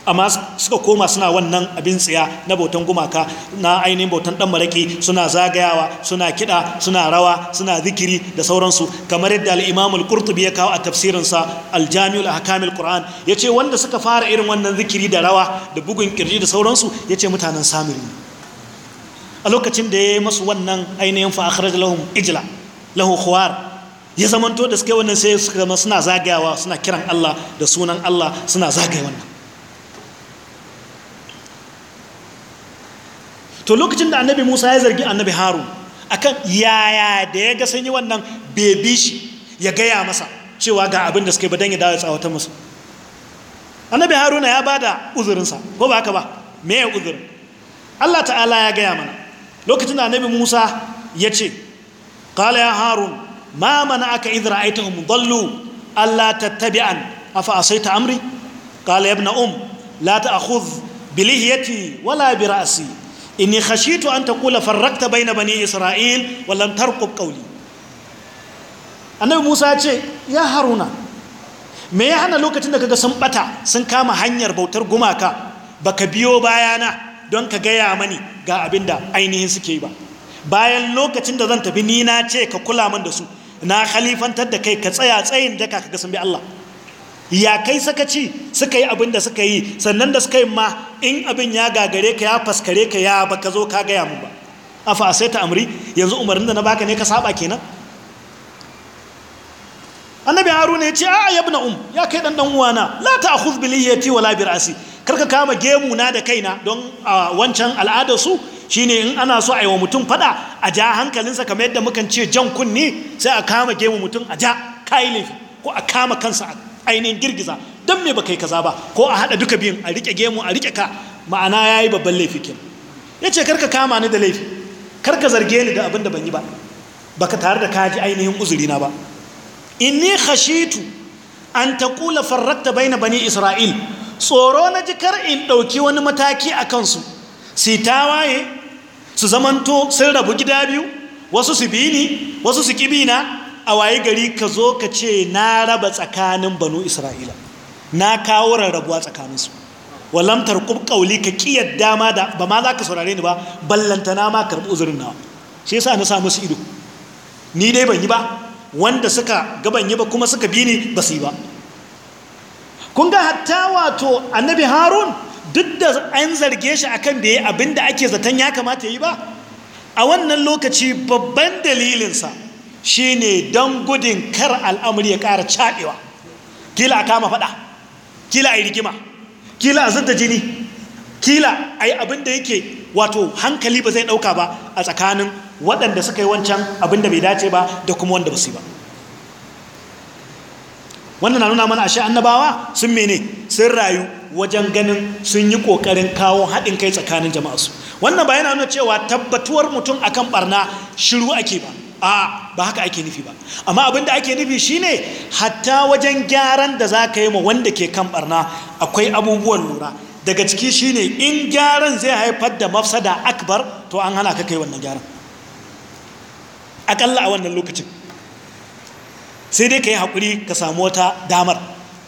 amma suka koma suna wannan abin tsaya na bautan gumaka na ainihin bautan dan maraki suna zagayawa suna kiɗa suna rawa suna zikiri da sauransu kamar yadda al-imam al-qurtubi ya kawo a sa al-jami'ul al qur'an yace wanda suka fara irin wannan zikiri da rawa da bugun kirji da sauransu yace mutanen samiri a lokacin da ya yi masu wannan ainihin fa akhraj lahum ijla lahu khuwar ya zamanto da suka wannan sai suka zama suna zagayawa suna kiran Allah da sunan Allah suna zagaya wannan to lokacin da annabi musa ya zargi annabi harun akan yaya da ya ga sanyi wannan bebi shi ya gaya masa cewa ga abin da suka yi ba don ya dawo tsawata musu annabi haruna ya ba da uzurinsa ko ba ka ba me ya uzurin allah ta'ala ya gaya mana lokacin da annabi musa ya ce kala ya harun ma mana aka idra aitahum dallu allah tattabi'an afa ta amri kala ya ibna um la ta'khudh bilihiyati wala bi ra'asi. inni khashitu an taqula farraqta baina bani isra'il wa lam tarqub qawli annabi Musa ya ce ya Haruna me ya hana lokacin da kaga sun bata sun kama hanyar bautar gumaka baka biyo bayana don ka gaya mani ga abinda ainihin suke ba bayan lokacin da zan tafi ni na ce ka kula min da su na khalifantar da kai ka tsaya tsayin daka kaga sun bi Allah ya kai ci suka yi abin da suka yi sannan da suka yi ma in abin ya gagare ka ya faskare ka ya baka zo ka gaya mu ba afa sai ta amri yanzu umarnin da na baka ne ka saba kenan annabi haruna ya ce a ya ibn um ya kai dan dan uwana la ta'khudh ya yati wala bi ra'si karka kama gemu na da kaina don wancan al'adar su shine in ana so a yi wa mutum fada a ja hankalinsa kamar yadda mukan ce jan kunni sai a kama gemu mutum a ja kai ko a kama kansa a ainihin girgiza don me ba kai kaza ba ko a haɗa duka biyun a rike gemu a rike ka ma'ana ya yi babban laifi ke ya ce karka kama ni da laifi karka zarge ni da abin da ban yi ba ba ka tare da kaji ainihin uzurina ba In inni kashitu an taqula bai na bani isra'il tsoro na ji kar in ɗauki wani mataki a kansu su waye su zamanto sun rabu gida biyu wasu su bi ni wasu su kibina a waye gari ka zo ka ce na raba tsakanin banu isra'ila na kawo rarrabuwa tsakaninsu walamtar kub kauli ka kiyar dama da ba ma za ka saurare ni ba ballantana ma karɓi uzurin nawa shi yasa na sa musu ido ni dai ban yi ba wanda suka gaban yi ba kuma suka bi ni ba su yi ba kun ga hatta wato annabi harun duk da an zarge shi akan ya abin da ake zaton ya kamata ya yi ba a wannan lokaci babban dalilinsa Shi ne don gudun kar al'amuri ya ƙara caɗewa kila a kama faɗa kila a yi rigima kila a zanta jini kila a yi abin yake wato hankali ba zai ɗauka ba a tsakanin waɗanda suka yi wancan abin da bai dace ba da kuma wanda ba su yi ba wannan na nuna mana ashe annabawa sun mene sun rayu wajen ganin sun yi ƙoƙarin kawo haɗin kai tsakanin jama'a su. wannan ba yana nuna cewa tabbatuwar mutum akan barna shiru ake ba a ba haka ake nufi ba amma abin da ake nufi shine hatta wajen gyaran da za ka yi ma wanda ke kan barna akwai abubuwan lura daga ciki shine in gyaran zai haifar da mafsada akbar to an hana ka kai wannan gyaran akalla a wannan lokacin sai dai ka yi haƙuri ka samu wata damar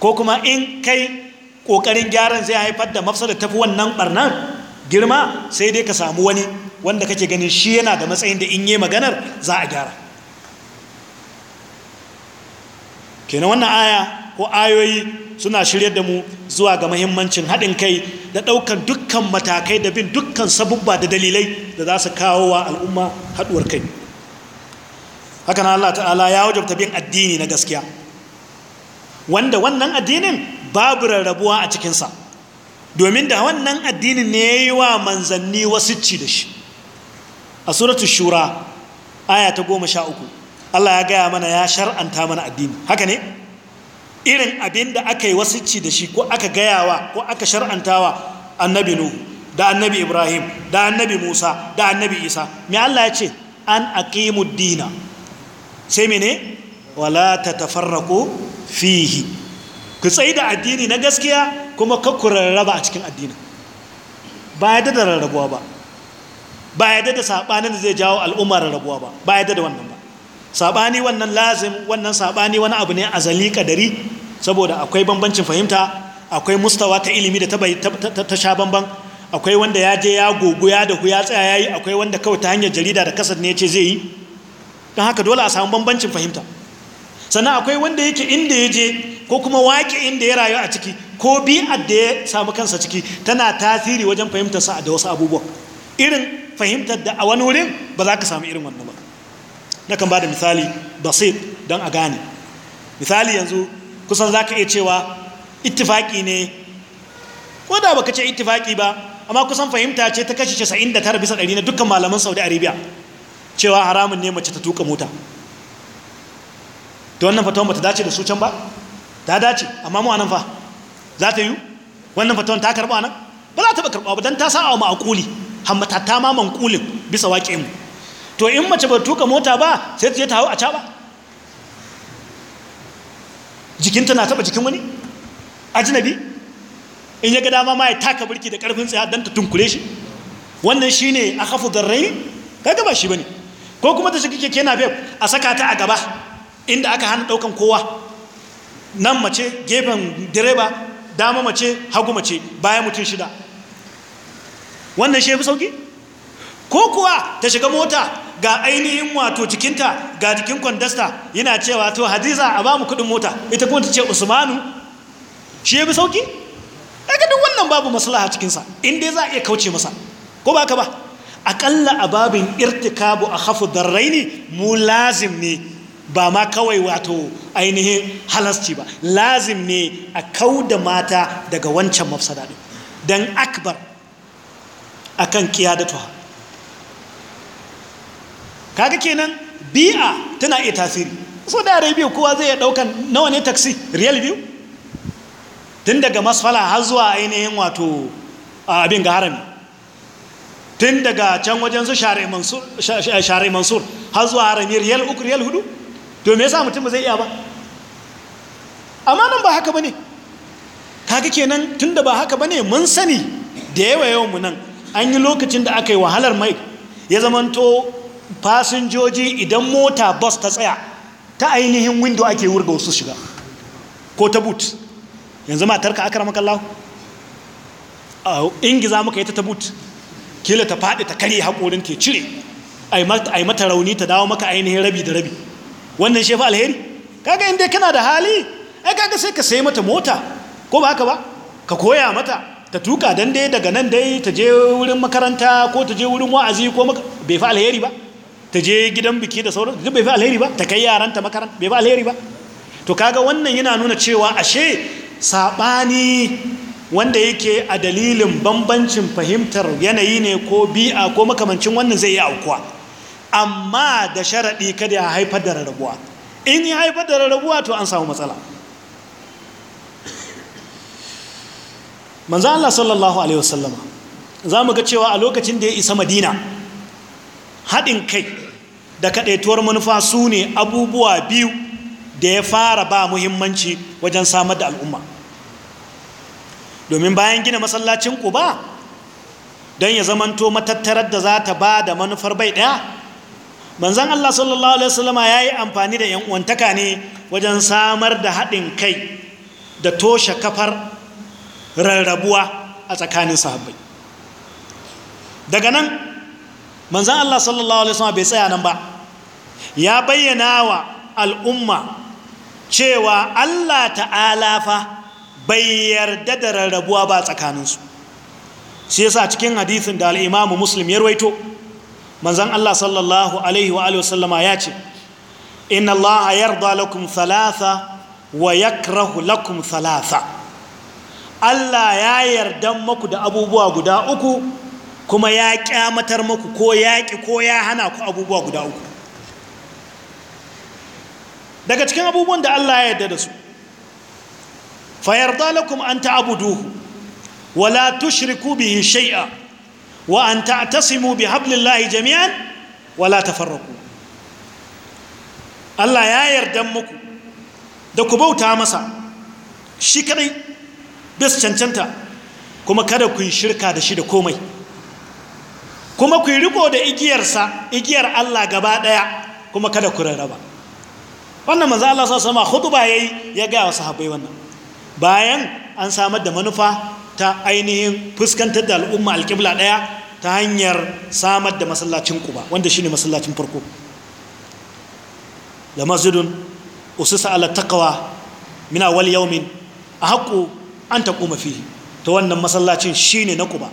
ko kuma in kai ƙoƙarin gyaran zai haifar da mafsada tafi wannan barnan girma sai dai ka samu wani wanda kake ganin shi yana da matsayin da in yi maganar za a gyara kenan wannan aya ko ayoyi suna shirya da mu zuwa ga mahimmancin haɗin kai da ɗaukan dukkan matakai da bin dukkan sabubba da dalilai da za su kawo wa al'umma haɗuwar kai haka na Allah ta'ala ya wajabta bin addini na gaskiya wanda wannan addinin babu rarrabuwa a cikinsa domin da wannan addinin ne ya yi wa manzanni wasu ci da shi a suratul shura aya ta goma sha uku Allah ya gaya mana ya shar'anta mana addini haka ne irin abin da aka yi wasicci da shi ko aka gayawa ko aka shar'antawa annabi nuhu da annabi ibrahim da annabi musa da annabi isa me Allah ya ce an aqimu dina sai mene wala tatafarraqu fihi ku tsayi da addini na gaskiya kuma kakkurar raba a cikin addinin ba ya da rarrabuwa ba ba yadda da saɓanin da zai jawo al'ummar rabuwa ba ba yadda da wannan ba saɓani wannan lazim wannan saɓani wani abu ne a azali kadari saboda akwai bambancin fahimta akwai mustawa ta ilimi da ta sha bamban akwai wanda ya je ya gogoya da dahu ya tsaya ya yi akwai wanda kawai ta hanyar jarida da kasar ne ce zai yi don haka dole a samu bambancin fahimta sannan akwai wanda yake inda ya je ko kuma waƙe inda ya rayu a ciki ko bi'ar da ya samu kansa ciki tana tasiri wajen fahimtarsa da wasu abubuwa irin fahimtar da a wani wurin ba za ka samu irin wannan ba na kan ba da misali basit don a gane misali yanzu kusan za ka iya cewa ittifaki ne ko da baka ce ittifaki ba amma kusan fahimta ce ta kashi 99 bisa 100 na dukkan malaman saudi arabia cewa haramun ne mace ta tuka mota ta wannan fatawan ba ta dace da su can ba ta dace amma mu anan fa za ta yi wannan fatawan ta karɓa nan ba za ta ba karɓa ba don ta sa a ma'akuli hammatatta ma mankulin bisa waƙe mu to in mace ba tuka mota ba sai ta je ta hau a caɓa jikinta na taɓa jikin wani ajinabi in ya ga dama ma ya taka birki da ƙarfin tsaya don ta tunkure shi wannan shi ne a kafu zarrayi kaga ba shi ba ne ko kuma ta shiga keke napep a saka ta a gaba inda aka hana ɗaukan kowa nan mace gefen direba dama mace hagu mace bayan mutum shida wannan shi ya fi sauki ko kuwa ta shiga mota ga ainihin wato cikinta ga cikin kwandasta yana cewa to hadiza a ba mu kudin mota ita kuma ta ce usmanu shi ya fi sauki daga duk wannan babu maslaha cikinsa in dai za a iya kauce masa ko ba ka ba aƙalla a babin irtikabu a hafu darraini mu lazim ne ba ma kawai wato ainihin halasci ba lazim ne a kau da mata daga wancan mafsada don akbar akan qiyadatuha kaga kenan bi'a tana iya tasiri so da biyu kowa zai ya daukan nawa ne taxi real biyu tun daga masfala har zuwa ainihin wato abin ga harami tun daga can wajen su share mansur har zuwa harami real uku real hudu to me yasa mutum ba zai iya ba amma nan ba haka bane kaga kenan tunda ba haka bane mun sani da yawa yawan mu nan an yi lokacin da aka yi wahalar mai ya zamanto fasinjoji idan mota bus ta tsaya ta ainihin windo ake wurga wasu shiga ko ta boot yanzu ka aka ramakalla Allah ingiza muka yi ta ta boot kila ta faɗi ta karye haƙorin ke cire a yi mata rauni ta dawo maka ainihin rabi da rabi wannan shefa alheri kaga inda kana da hali ai kaga sai ka sai mata mota ko ba haka ba ka koya mata ta tuka don dai daga nan dai ta je wurin makaranta ko ta je wurin wa'azi ko bai fi alheri ba ta je gidan biki da sauran duk bai fi alheri ba ta kai yaranta makaranta bai fi alheri ba to kaga wannan yana nuna cewa ashe sabani wanda yake a dalilin bambancin fahimtar yanayi ne ko bi'a ko makamancin wannan zai yi aukuwa amma da sharaɗi kada ya haifar da rarrabuwa in ya haifar da rarrabuwa to an samu matsala manzo Allah sallallahu alaihi wasallama za mu ga cewa a lokacin da ya isa madina haɗin kai da kaɗaituwar manufa sune abubuwa biyu da ya fara ba muhimmanci wajen samar da al'umma domin bayan gina masallacin ƙuba don ya zamanto matattarar da za ta ba da manufar bai ɗaya manzan Allah sallallahu alaihi wasallama ya yi amfani da 'yan uwantaka ne wajen samar da haɗin kai da toshe kafar rarrabuwa a tsakanin sahabbai daga nan manzan Allah sallallahu alaihi bai tsaya nan ba ya bayyana wa al'umma cewa Allah ta'ala fa bai yarda da rarrabuwa ba tsakaninsu shi yasa cikin hadithin da al'imamu muslim ya rawaito manzan Allah sallallahu alaihi wa ya ce inna Allah yarda lakum thalatha wa yakrahu lakum thalatha Allah ya yarda maku da abubuwa guda uku kuma ya kyamatar maku ko ya ƙi ko ya hana ku abubuwa guda uku daga cikin abubuwan da Allah ya yarda da su fayarda lakum an ta'buduhu wala tushriku bihi shay'a wa an ta'tasimu bihablillahi jami'an wala tafarraqu Allah ya yarda muku da ku bauta masa shi kadai bis cancanta kuma kada ku yi shirka da shi da komai kuma ku yi riko da igiyarsa igiyar Allah gaba ɗaya kuma kada ku rarraba wannan manzo Allah sa sama khutba yayi ya gaya wasu sahabbai wannan bayan an samar da manufa ta ainihin fuskantar da al'umma alƙibla ɗaya ta hanyar samar da masallacin kuba wanda shine masallacin farko la masjidun usisa ala taqwa min awwal yawmin ahqu an taƙuma fi ta wannan masallacin shine na kuba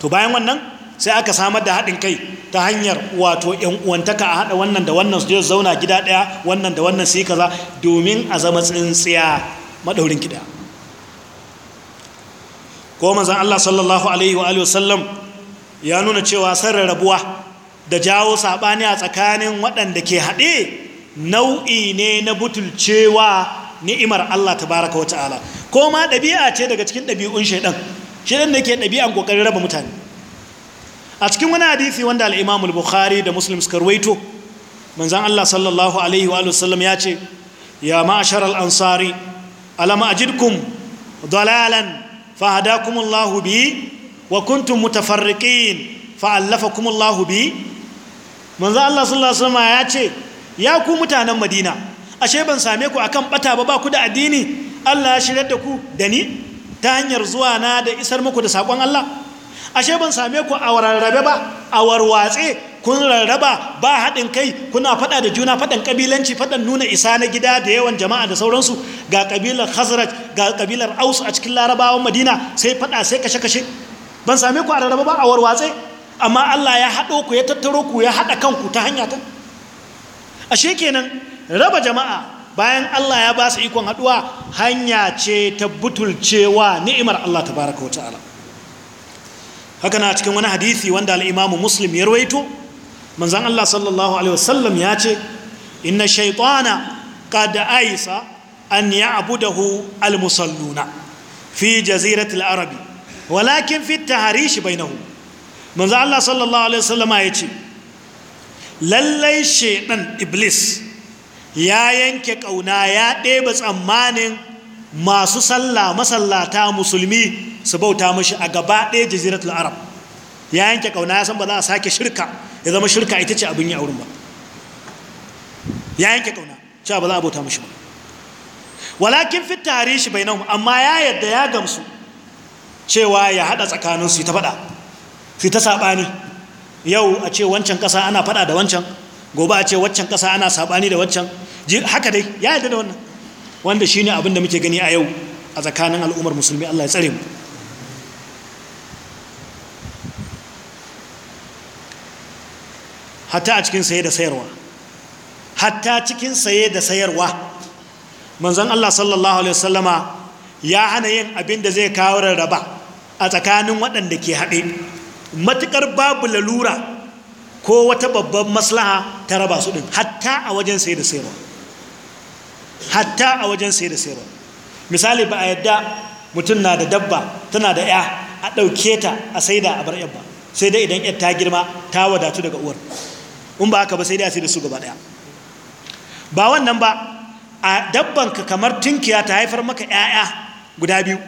to bayan wannan sai aka samar da haɗin kai ta hanyar wato ‘yan uwantaka a haɗa wannan da wannan su je zauna gida ɗaya wannan da wannan su yi kaza domin a zama tsintsiya maɗaurin gida. ko mazan Allah sallallahu alaihi wa sallam ya nuna cewa sarra rabuwa da jawo saɓani a tsakanin waɗanda ke haɗe nau'i ne na butulcewa ni'imar Allah tabaraka wa ta'ala ko ma ɗabi'a ce daga cikin ɗabi'un shaidan shaidan da ke ɗabi'an kokarin raba mutane a cikin wani hadisi wanda al-Imam al-Bukhari da Muslim suka ruwaito manzon Allah sallallahu alaihi wa sallam ya ce ya ma'ashar al-ansari alam ajidkum dalalan fahadakum Allah bi wa kuntum mutafarriqin fa'allafakum Allah bi manzon Allah sallallahu alaihi wa sallam ya ce ya ku mutanen Madina ashe ban same ku akan bata ba ba ku da addini Allah ya shirye da ku da ni ta hanyar zuwa na da isar muku da sakon Allah ashe ban same ku a rarrabe ba a warwatse kun rarraba ba haɗin kai kuna faɗa da juna faɗan kabilanci faɗan nuna isa na gida da yawan jama'a da sauransu ga ƙabilar khazraj ga kabilar aus a cikin larabawan madina sai faɗa sai kashe-kashe ban same ku a rarraba ba a warwatse amma allah ya haɗo ku ya tattaro ku ya haɗa kanku ta hanya ta ashe kenan raba jama'a bayan Allah ya ba su ikon haɗuwa hanya ce ta butulcewa ni'imar Allah tabaraka wata'ala haka na cikin wani hadithi wanda al'imamu imam Muslim ya rawaito manzon Allah sallallahu alaihi wasallam ya ce inna shaytana qad aisa an hu al-musalluna fi jazirati al-arabi walakin fi at-tahrish bainahum manzon Allah sallallahu alaihi wasallama ya ce lallai shaytan iblis ya yanke ƙauna ya ɗebe tsammanin masu sallah masallata musulmi su bauta mashi a gaba ɗaya jaziratul arab ya yanke ƙauna ya san ba za a sake shirka ya zama shirka ita ce abin yi a wurin ba ya yanke ƙauna cewa ba za a bauta mashi ba walakin fi tare shi bai amma ya yadda ya gamsu cewa ya haɗa tsakanin yi ta faɗa su ta saɓani yau a ce wancan ƙasa ana faɗa da wancan gobe a ce waccan ƙasa ana saɓani da waccan haka dai ya yi da wannan wanda shi ne abinda da muke gani a yau a tsakanin al'ummar musulmi allah ya tsare mu hatta a cikin saye da sayarwa hatta cikin saye da sayarwa manzan allah sallallahu alaihi wasallama ya hana yin abin da zai kawo rarraba a tsakanin waɗanda ke haɗe matuƙar babu lalura ko wata babban maslaha ta raba su ɗin, hatta a wajen sai da sayarwa hatta a wajen sai da sayarwa misali ba a yadda mutum na da dabba tana da ya a ɗauke ta a sai da a bar ba, sai dai idan yar ta girma ta wadatu daga uwar in ba haka ba sai dai a sai da su gaba ɗaya ba wannan ba a dabban ka kamar tinkiya ta haifar maka 'ya'ya guda biyu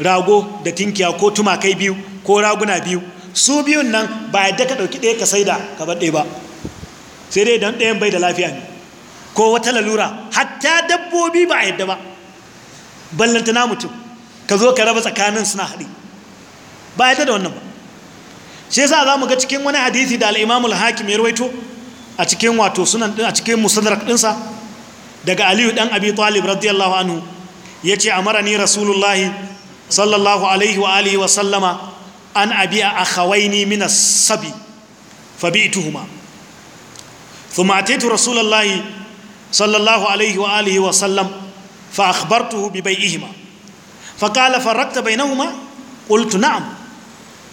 rago da tinkiya ko tumakai biyu ko raguna biyu su biyun nan ba yadda ka ɗauki ɗaya ka sai da ka baɗe ba sai dai don ɗayan bai da lafiya ne ko wata lalura hatta dabbobi ba a yadda ba na mutum ka zo ka raba tsakanin suna haɗi ba yadda da wannan ba shi yasa za mu ga cikin wani hadisi da al'imamul hakim ya rawaito a cikin wato sunan a cikin musadrak ɗinsa daga aliyu ɗan abi talib radiyallahu anhu ya ce a marani rasulullahi sallallahu alaihi wa alihi wa sallama an abi a akhawaini min as-sabi fabi'tuhuma thumma ataitu rasulallahi sallallahu alayhi wa alihi wa sallam fa akhbartuhu bi bai'ihima fa qala farraqta bainahuma qultu na'am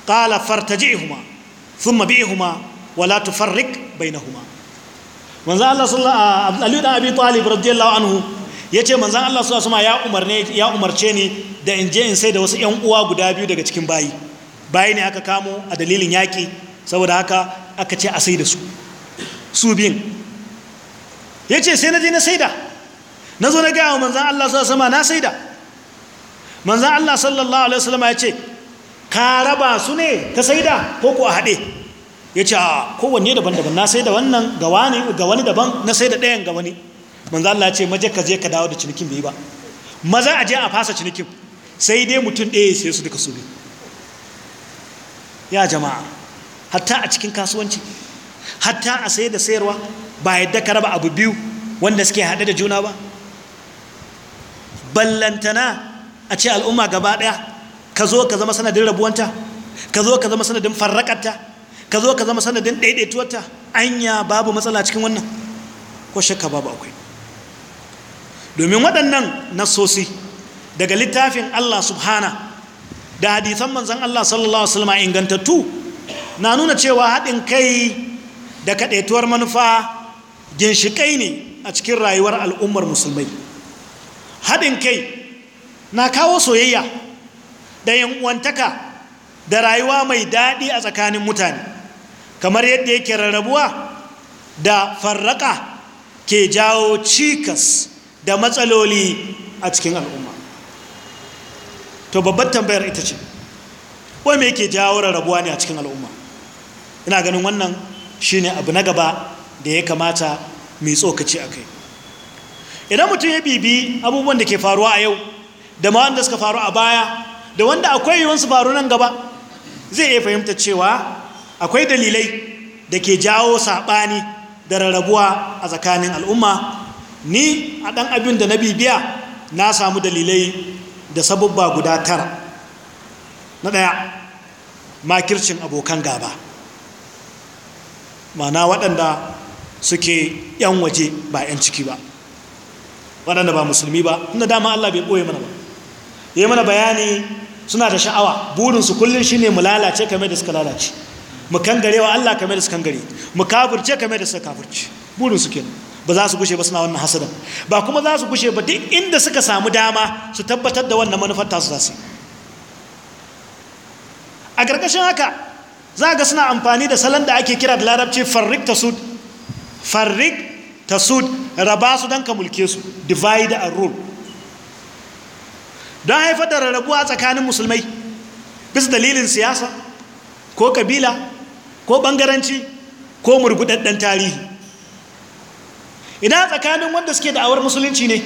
qala fartaji'huma thumma bi'huma wa la tufarriq bainahuma manzo Allah sallallahu alaihi wa alihi radhiyallahu anhu yace manzo Allah sallallahu alaihi wa sallam ya umarne ya umarce ni da in je in sai da wasu yan uwa guda biyu daga cikin bayi bayi ne aka kamo a dalilin yaƙi saboda haka aka ce a sai da su su biyun ya ce sai na je na sai da na zo na gaya wa manzan Allah su sama na sai da manzan Allah sallallahu alaihi wasallama ya ce ka raba su ne ka sai da ko ku a haɗe ya ce a kowanne daban-daban na sai da wannan ga wani daban na sai da ɗayan ga wani manzan Allah ya ce maje ka je ka dawo da cinikin bai ba maza a je a fasa cinikin sai dai mutum ɗaya sai su duka su biyu ya jama'a hatta a cikin kasuwanci hatta a sayar da sayarwa ba yadda ka raba abu biyu wanda suke haɗe da juna ba ballantana a ce al'umma gaba ɗaya ka zo ka zama sanadin rabuwanta ka zo ka zama sanadin farrakatta ka zo ka zama sanadin ɗaiɗaituwarta anya babu matsala cikin wannan ko shakka babu akwai domin waɗannan nasosi daga littafin Allah subhana da hadithan manzan Allah sallallahu Alaihi wasallam ingantattu na nuna cewa haɗin kai da kaɗaituwar manufa ginshiƙai ne a cikin rayuwar al'ummar musulmai haɗin kai na kawo soyayya da yan uwantaka da rayuwa mai daɗi a tsakanin mutane kamar yadda yake rarrabuwa da farraƙa ke jawo cikas da matsaloli a cikin al'umma to babbar tambayar ita ce wai me yake jawo rarrabuwa ne a cikin al'umma ina ganin wannan shine abu na gaba da ya kamata mai tsokaci a kai idan mutum ya bibi abubuwan da ke faruwa a yau da ma wanda suka faru a baya da wanda akwai yiwuwar su faru nan gaba zai iya fahimta cewa akwai dalilai da ke jawo saɓani da rarrabuwa a tsakanin al'umma ni a ɗan abin da na bibiya na samu dalilai da sabubba guda tara na ɗaya makircin abokan gaba mana waɗanda suke 'yan waje ba 'yan ciki ba waɗanda ba musulmi ba inda dama Allah bai ɓoye mana ba yi mana bayani suna da sha'awa burinsu kullum shi ne mu lalace kamar da suka lalace mu kangarewa Allah kame da suka kangare mu kafirce kamar da suka kafirce burinsu kenan ba za su gushe ba suna wannan hasadan ba kuma za su gushe ba duk inda suka samu dama su tabbatar da wannan manufar tasu za su a ƙarƙashin haka za ga suna amfani da salon da ake kira da larabci farrik ta sud farrik ta sud raba su don ka mulke su divide and rule don haifar da rarrabuwa tsakanin musulmai bisa dalilin siyasa ko kabila ko bangaranci ko murguɗaɗɗen tarihi idan tsakanin wanda suke da'awar musulunci ne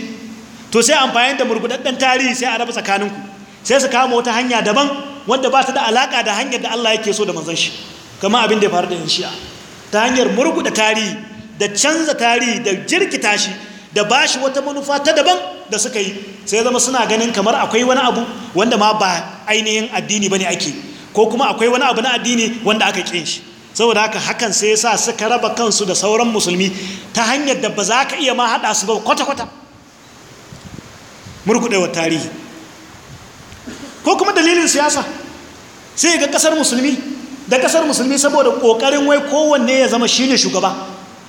to sai amfani da murgudaddan tarihi sai a raba tsakaninku sai su kama wata hanya daban wanda ba ta da alaka da hanyar da Allah yake so da manzon shi kama abin da ya faru da shi'a ta hanyar murguda tarihi da canza tarihi da jirkita shi da bashi wata manufa ta daban da suka yi sai zama suna ganin kamar akwai wani abu wanda ma ba ainihin addini bane ake ko kuma akwai wani abu na addini wanda aka kin shi saboda haka hakan sai sa suka raba kansu da sauran musulmi ta hanyar da ba za ka iya ma haɗa su ba kwata-kwata murkudewa tarihi ko kuma dalilin siyasa sai ga ƙasar musulmi da ƙasar musulmi saboda ƙoƙarin wai kowanne ya zama shine shugaba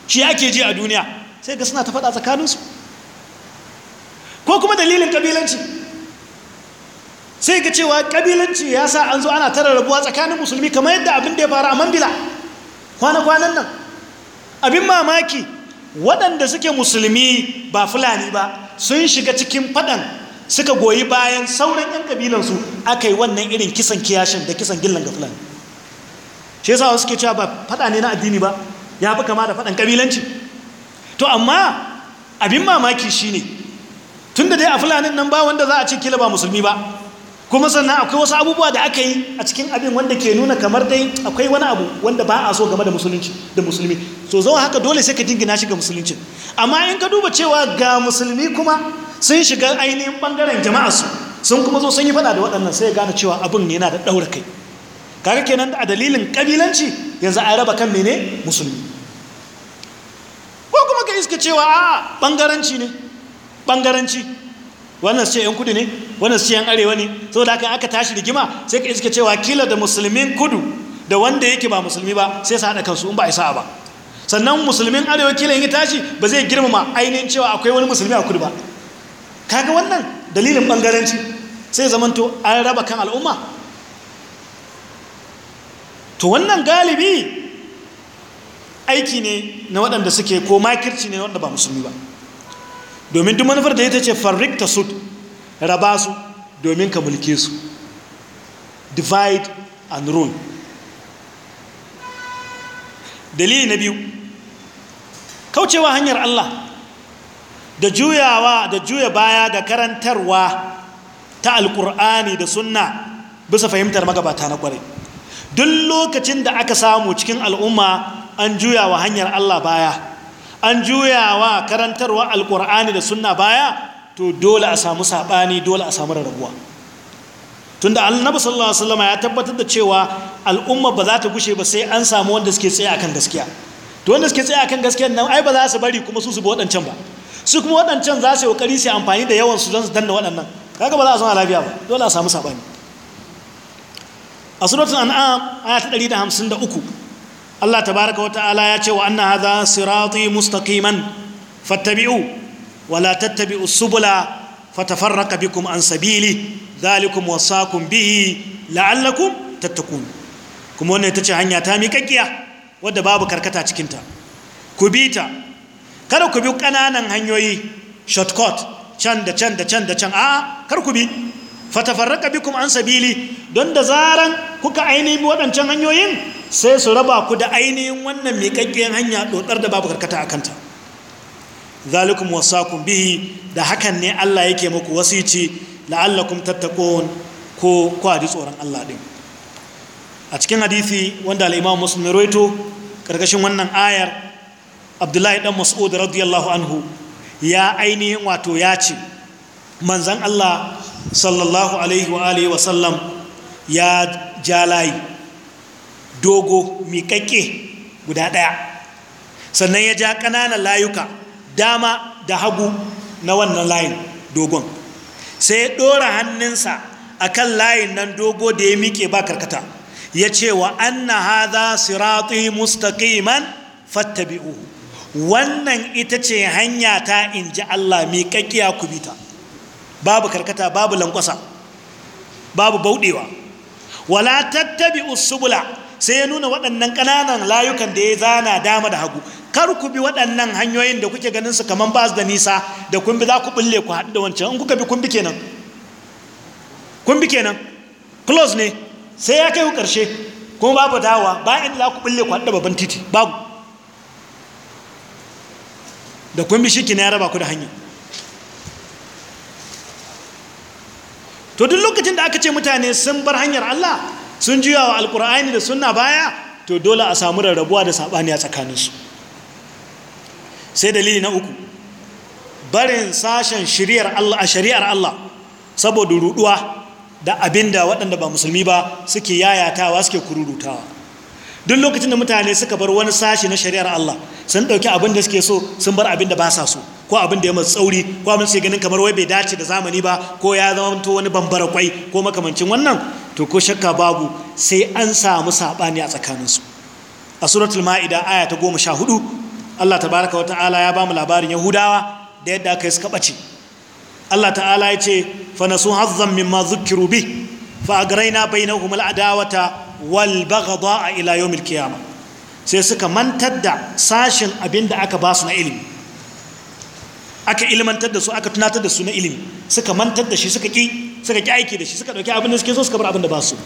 shi ake ji a duniya sai ga suna ta faɗa tsakaninsu ko kuma dalilin kabilanci sai ga cewa kabilanci ya sa an zo ana tara rabuwa tsakanin musulmi kamar yadda abin da ya faru a mambila kwana nan abin mamaki waɗanda suke musulmi ba fulani ba sun shiga cikin faɗan suka goyi bayan sauran 'yan kabilansu aka yi wannan irin kisan kiyashin da kisan gillan ga fulani shi yasa suke cewa ba faɗa ne na addini ba ya fi kama da faɗan kabilanci to amma abin mamaki tun da dai a fulanin nan ba wanda za a ce kila ba musulmi ba kuma sannan akwai wasu abubuwa da aka yi a cikin abin wanda ke nuna kamar dai akwai wani abu wanda ba a so game da musulunci da musulmi so zama haka dole sai ka dingina shi ga musulunci amma in ka duba cewa ga musulmi kuma sun shiga ainihin bangaren jama'a su sun kuma zo sun yi fada da waɗannan sai gane cewa abin yana da ɗaura kai kaga kenan a dalilin kabilanci yanzu a raba kan mene musulmi ko kuma ka iska cewa a bangaranci ne bangaranci wannan sai yan kudu ne wannan su yan arewa ne saboda haka aka tashi rigima sai ka iske cewa kila da musulmin kudu da wanda yake ba musulmi ba sai su haɗa kansu in ba a isa ba sannan musulmin arewa kila yin tashi ba zai girmama ainihin cewa akwai wani musulmi a kudu ba kaga wannan dalilin bangaranci sai zamanto an raba kan al'umma to wannan galibi aiki ne na waɗanda suke ko makirci ne na waɗanda ba musulmi ba domin duk manufar da ita ce farrik ta sud raba su domin ka mulke su divide and rule dalili na biyu kaucewa hanyar Allah da juyawa da juya baya ga karantarwa ta alkur'ani da sunna bisa fahimtar magabata na kwarai duk lokacin da aka samu cikin al'umma an juyawa hanyar Allah baya an juyawa karantarwa alkur'ani da sunna baya to dole a samu saɓani dole a samu rarrabuwa tunda annabi sallallahu alaihi wasallam ya tabbatar da cewa al'umma ba za ta gushe ba sai an samu wanda suke tsaye akan gaskiya to wanda suke tsaye akan gaskiya nan ai ba za su bari kuma su su bi waɗancan ba su kuma waɗancan za su yi kokari su amfani da yawan su don su danna waɗannan kaga ba za a zama lafiya ba dole a samu saɓani a suratul an'am aya ta 153 Allah tabaraka wa ta'ala ya ce wa anna hadha sirati mustaqiman fattabi'u wala tattabi'u subula fatafarraqa bikum an sabili dhalikum wasaqum bihi la'allakum tattakun kuma wannan ita ce hanya ta miƙaƙiya wadda babu karkata cikinta ku bi ta kada ku bi ƙananan hanyoyi shortcut can da can da can da can a'a kar ku bi fatafarraqa bikum an sabili don da zaran kuka ainihin waɗancan hanyoyin sai su raba ku da ainihin wannan miƙaƙƙiyar hanya dotsar da babu karkata a kanta zalikum wasakum bihi da hakan ne Allah yake muku wasici la'allakum tattaqun ko ku tsoron Allah din a cikin hadisi wanda al-Imam Muslim rawaito wannan ayar Abdullahi dan Mas'ud radiyallahu anhu ya ainihin wato ya ce manzon Allah sallallahu alaihi wa alihi wa sallam ya jalayi dogo miƙaƙƙe guda ɗaya sannan ya ja ƙananan layuka dama da hagu na wannan layin dogon sai ya ɗora hannunsa a kan layin nan dogo da ya miƙe ba karkata ya ce wa anna haza sirati mustaqiman fattabi'uhu wannan ita ce hanya ta in ji Allah miƙaƙƙiya ku bita babu karkata babu lankwasa babu bauɗewa wala tattabi'u subula sai ya nuna waɗannan ƙananan layukan da ya zana dama da hagu kar ku bi waɗannan hanyoyin da kuke ganin su kamar ba su da nisa da kun bi za ku ɓulle ku haɗu da wancan in kuka bi kun bi kenan kun bi kenan close ne sai ya kai ku ƙarshe kuma babu dawa ba in za ku ɓulle ku haɗu da babban titi babu da kun bi shi kina ya raba ku da hanya to duk lokacin da aka ce mutane sun bar hanyar Allah sun juya wa alkur'ani da sunna baya to dole a samu rarrabuwa da saɓani a tsakaninsu sai dalili na uku barin sashen shari'ar Allah a shari'ar Allah saboda ruduwa da abinda waɗanda ba musulmi ba suke yayatawa suke kururutawa duk lokacin da mutane suka bar wani sashi na shari'ar Allah sun ɗauki abin da suke so sun bar abin da ba sa so ko abin da ya masu tsauri ko abin da ganin kamar wai bai dace da zamani ba ko ya zama to wani bambara kwai ko makamancin wannan to ko shakka babu sai an samu sabani a tsakaninsu a suratul ma'ida aya ta goma sha hudu Allah tabaraka wa ta'ala ya ba mu labarin yahudawa da yadda aka yi suka bace Allah ta'ala ya ce fa nasu hazzan mimma zukkiru bi fa agraina bainahum al'adawata wal baghda ila yawmil qiyama sai suka mantar da sashin abinda aka ba su na ilimi aka ilimantar da su aka tunatar da su na ilimi suka mantar da shi suka ƙi suka ƙi aiki da shi suka ɗauki abin da suke so suka bar abin da ba su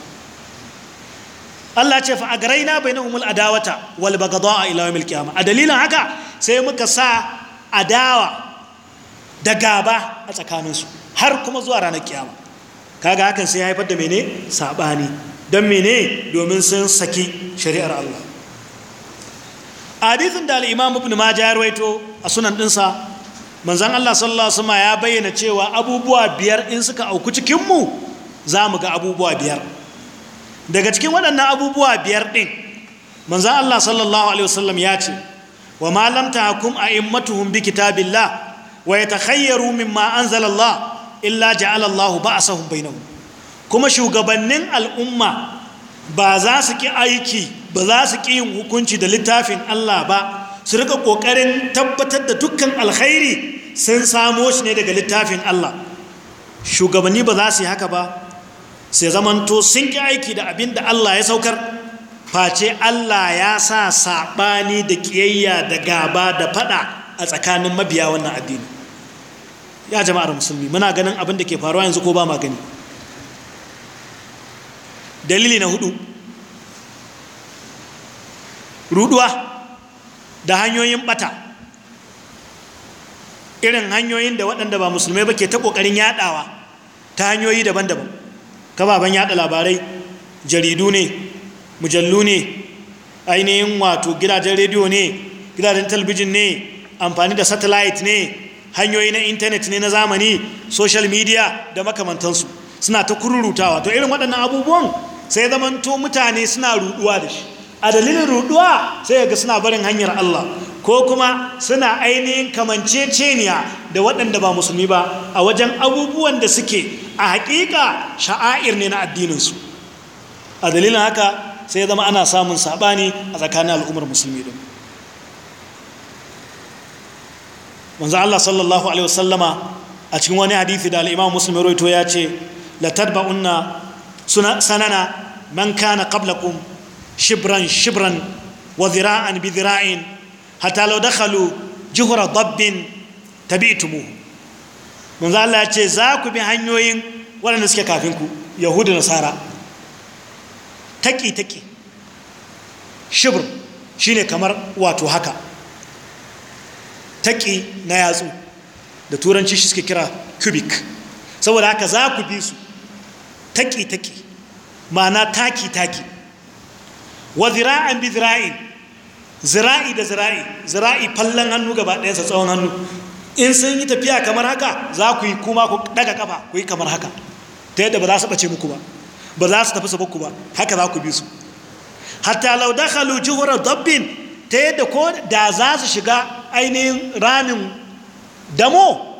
Allah ce fa a agraina bainahumul adawata wal baghda ila yawmil qiyama a dalilin haka sai muka sa adawa da gaba a tsakaninsu har kuma zuwa ranar kiyama kaga hakan sai ya haifar da mene saɓani. don mene domin sun saki shari'ar Allah hadithin da al'imam ibn majah ya rawaito a sunan dinsa manzan Allah sallallahu alaihi wasallam ya bayyana cewa abubuwa biyar in suka auku cikin mu zamu ga abubuwa biyar daga cikin waɗannan abubuwa biyar ɗin manzan Allah sallallahu alaihi wasallam ya ce wa ma a tahkum matuhun bi kitabillah wa ya yatakhayyaru min ma anzalallah? illa ba a sahun bainahum kuma shugabannin al'umma ba za su ƙi aiki ba za su ki yin hukunci da littafin Allah ba su rika ƙoƙarin tabbatar da dukkan alkhairi sun samo shi ne daga littafin Allah shugabanni ba za su yi haka ba sai zamanto sun ki aiki da abin da Allah ya saukar face Allah ya sa saɓani da ƙiyayya da gaba da faɗa a tsakanin mabiya wannan addini ya jama'ar musulmi muna ganin abin da ke faruwa yanzu ko ba ma gani dalili na hudu ruduwa da hanyoyin bata irin hanyoyin da waɗanda ba musulmai ba ke ta ƙoƙarin yaɗawa ta hanyoyi daban-daban kababan yaɗa labarai jaridu ne mujallu ne ainihin wato gidajen rediyo ne gidajen talbijin ne amfani da satellite ne hanyoyi na intanet ne na zamani social media da makamantansu suna ta kururutawa to irin waɗannan abubuwan sai zamanto mutane suna ruduwa da shi a dalilin ruduwa sai ga suna barin hanyar Allah ko kuma suna ainihin kamanceceniya da waɗanda ba musulmi ba a wajen abubuwan da suke a haƙiƙa sha'air ne na addininsu a dalilin haka sai zama ana samun saɓani a tsakanin al'ummar musulmi ɗin wanzu Allah sallallahu alaihi wasallama a cikin wani hadithi da al musulmi roito ya ce la tadba'unna sanana man kana qablakum shibran shibran wa zira'an bi zira'in hatta law dakhalu juhra dabbin tabi'tumuhu manzo Allah ya ce za ku bi hanyoyin waɗanda suke kafin ku yahudu nasara taki taki shibr shine kamar wato haka taki na yatsu da turanci shi suke kira cubic saboda haka za ku bi su taki-taki ma'ana taki-taki wa zira'an bi zira'in zira'i da zira'i zira'i fallon hannu gaba ɗayansa tsawon hannu in sun yi tafiya kamar haka za ku yi kuma ku daga kafa ku yi kamar haka ta yadda ba za su ɓace muku ba ba za su tafi su ba haka za ku bi su hatta lau halu jihurar dabbin ta yadda ko da za su shiga ainihin ramin damo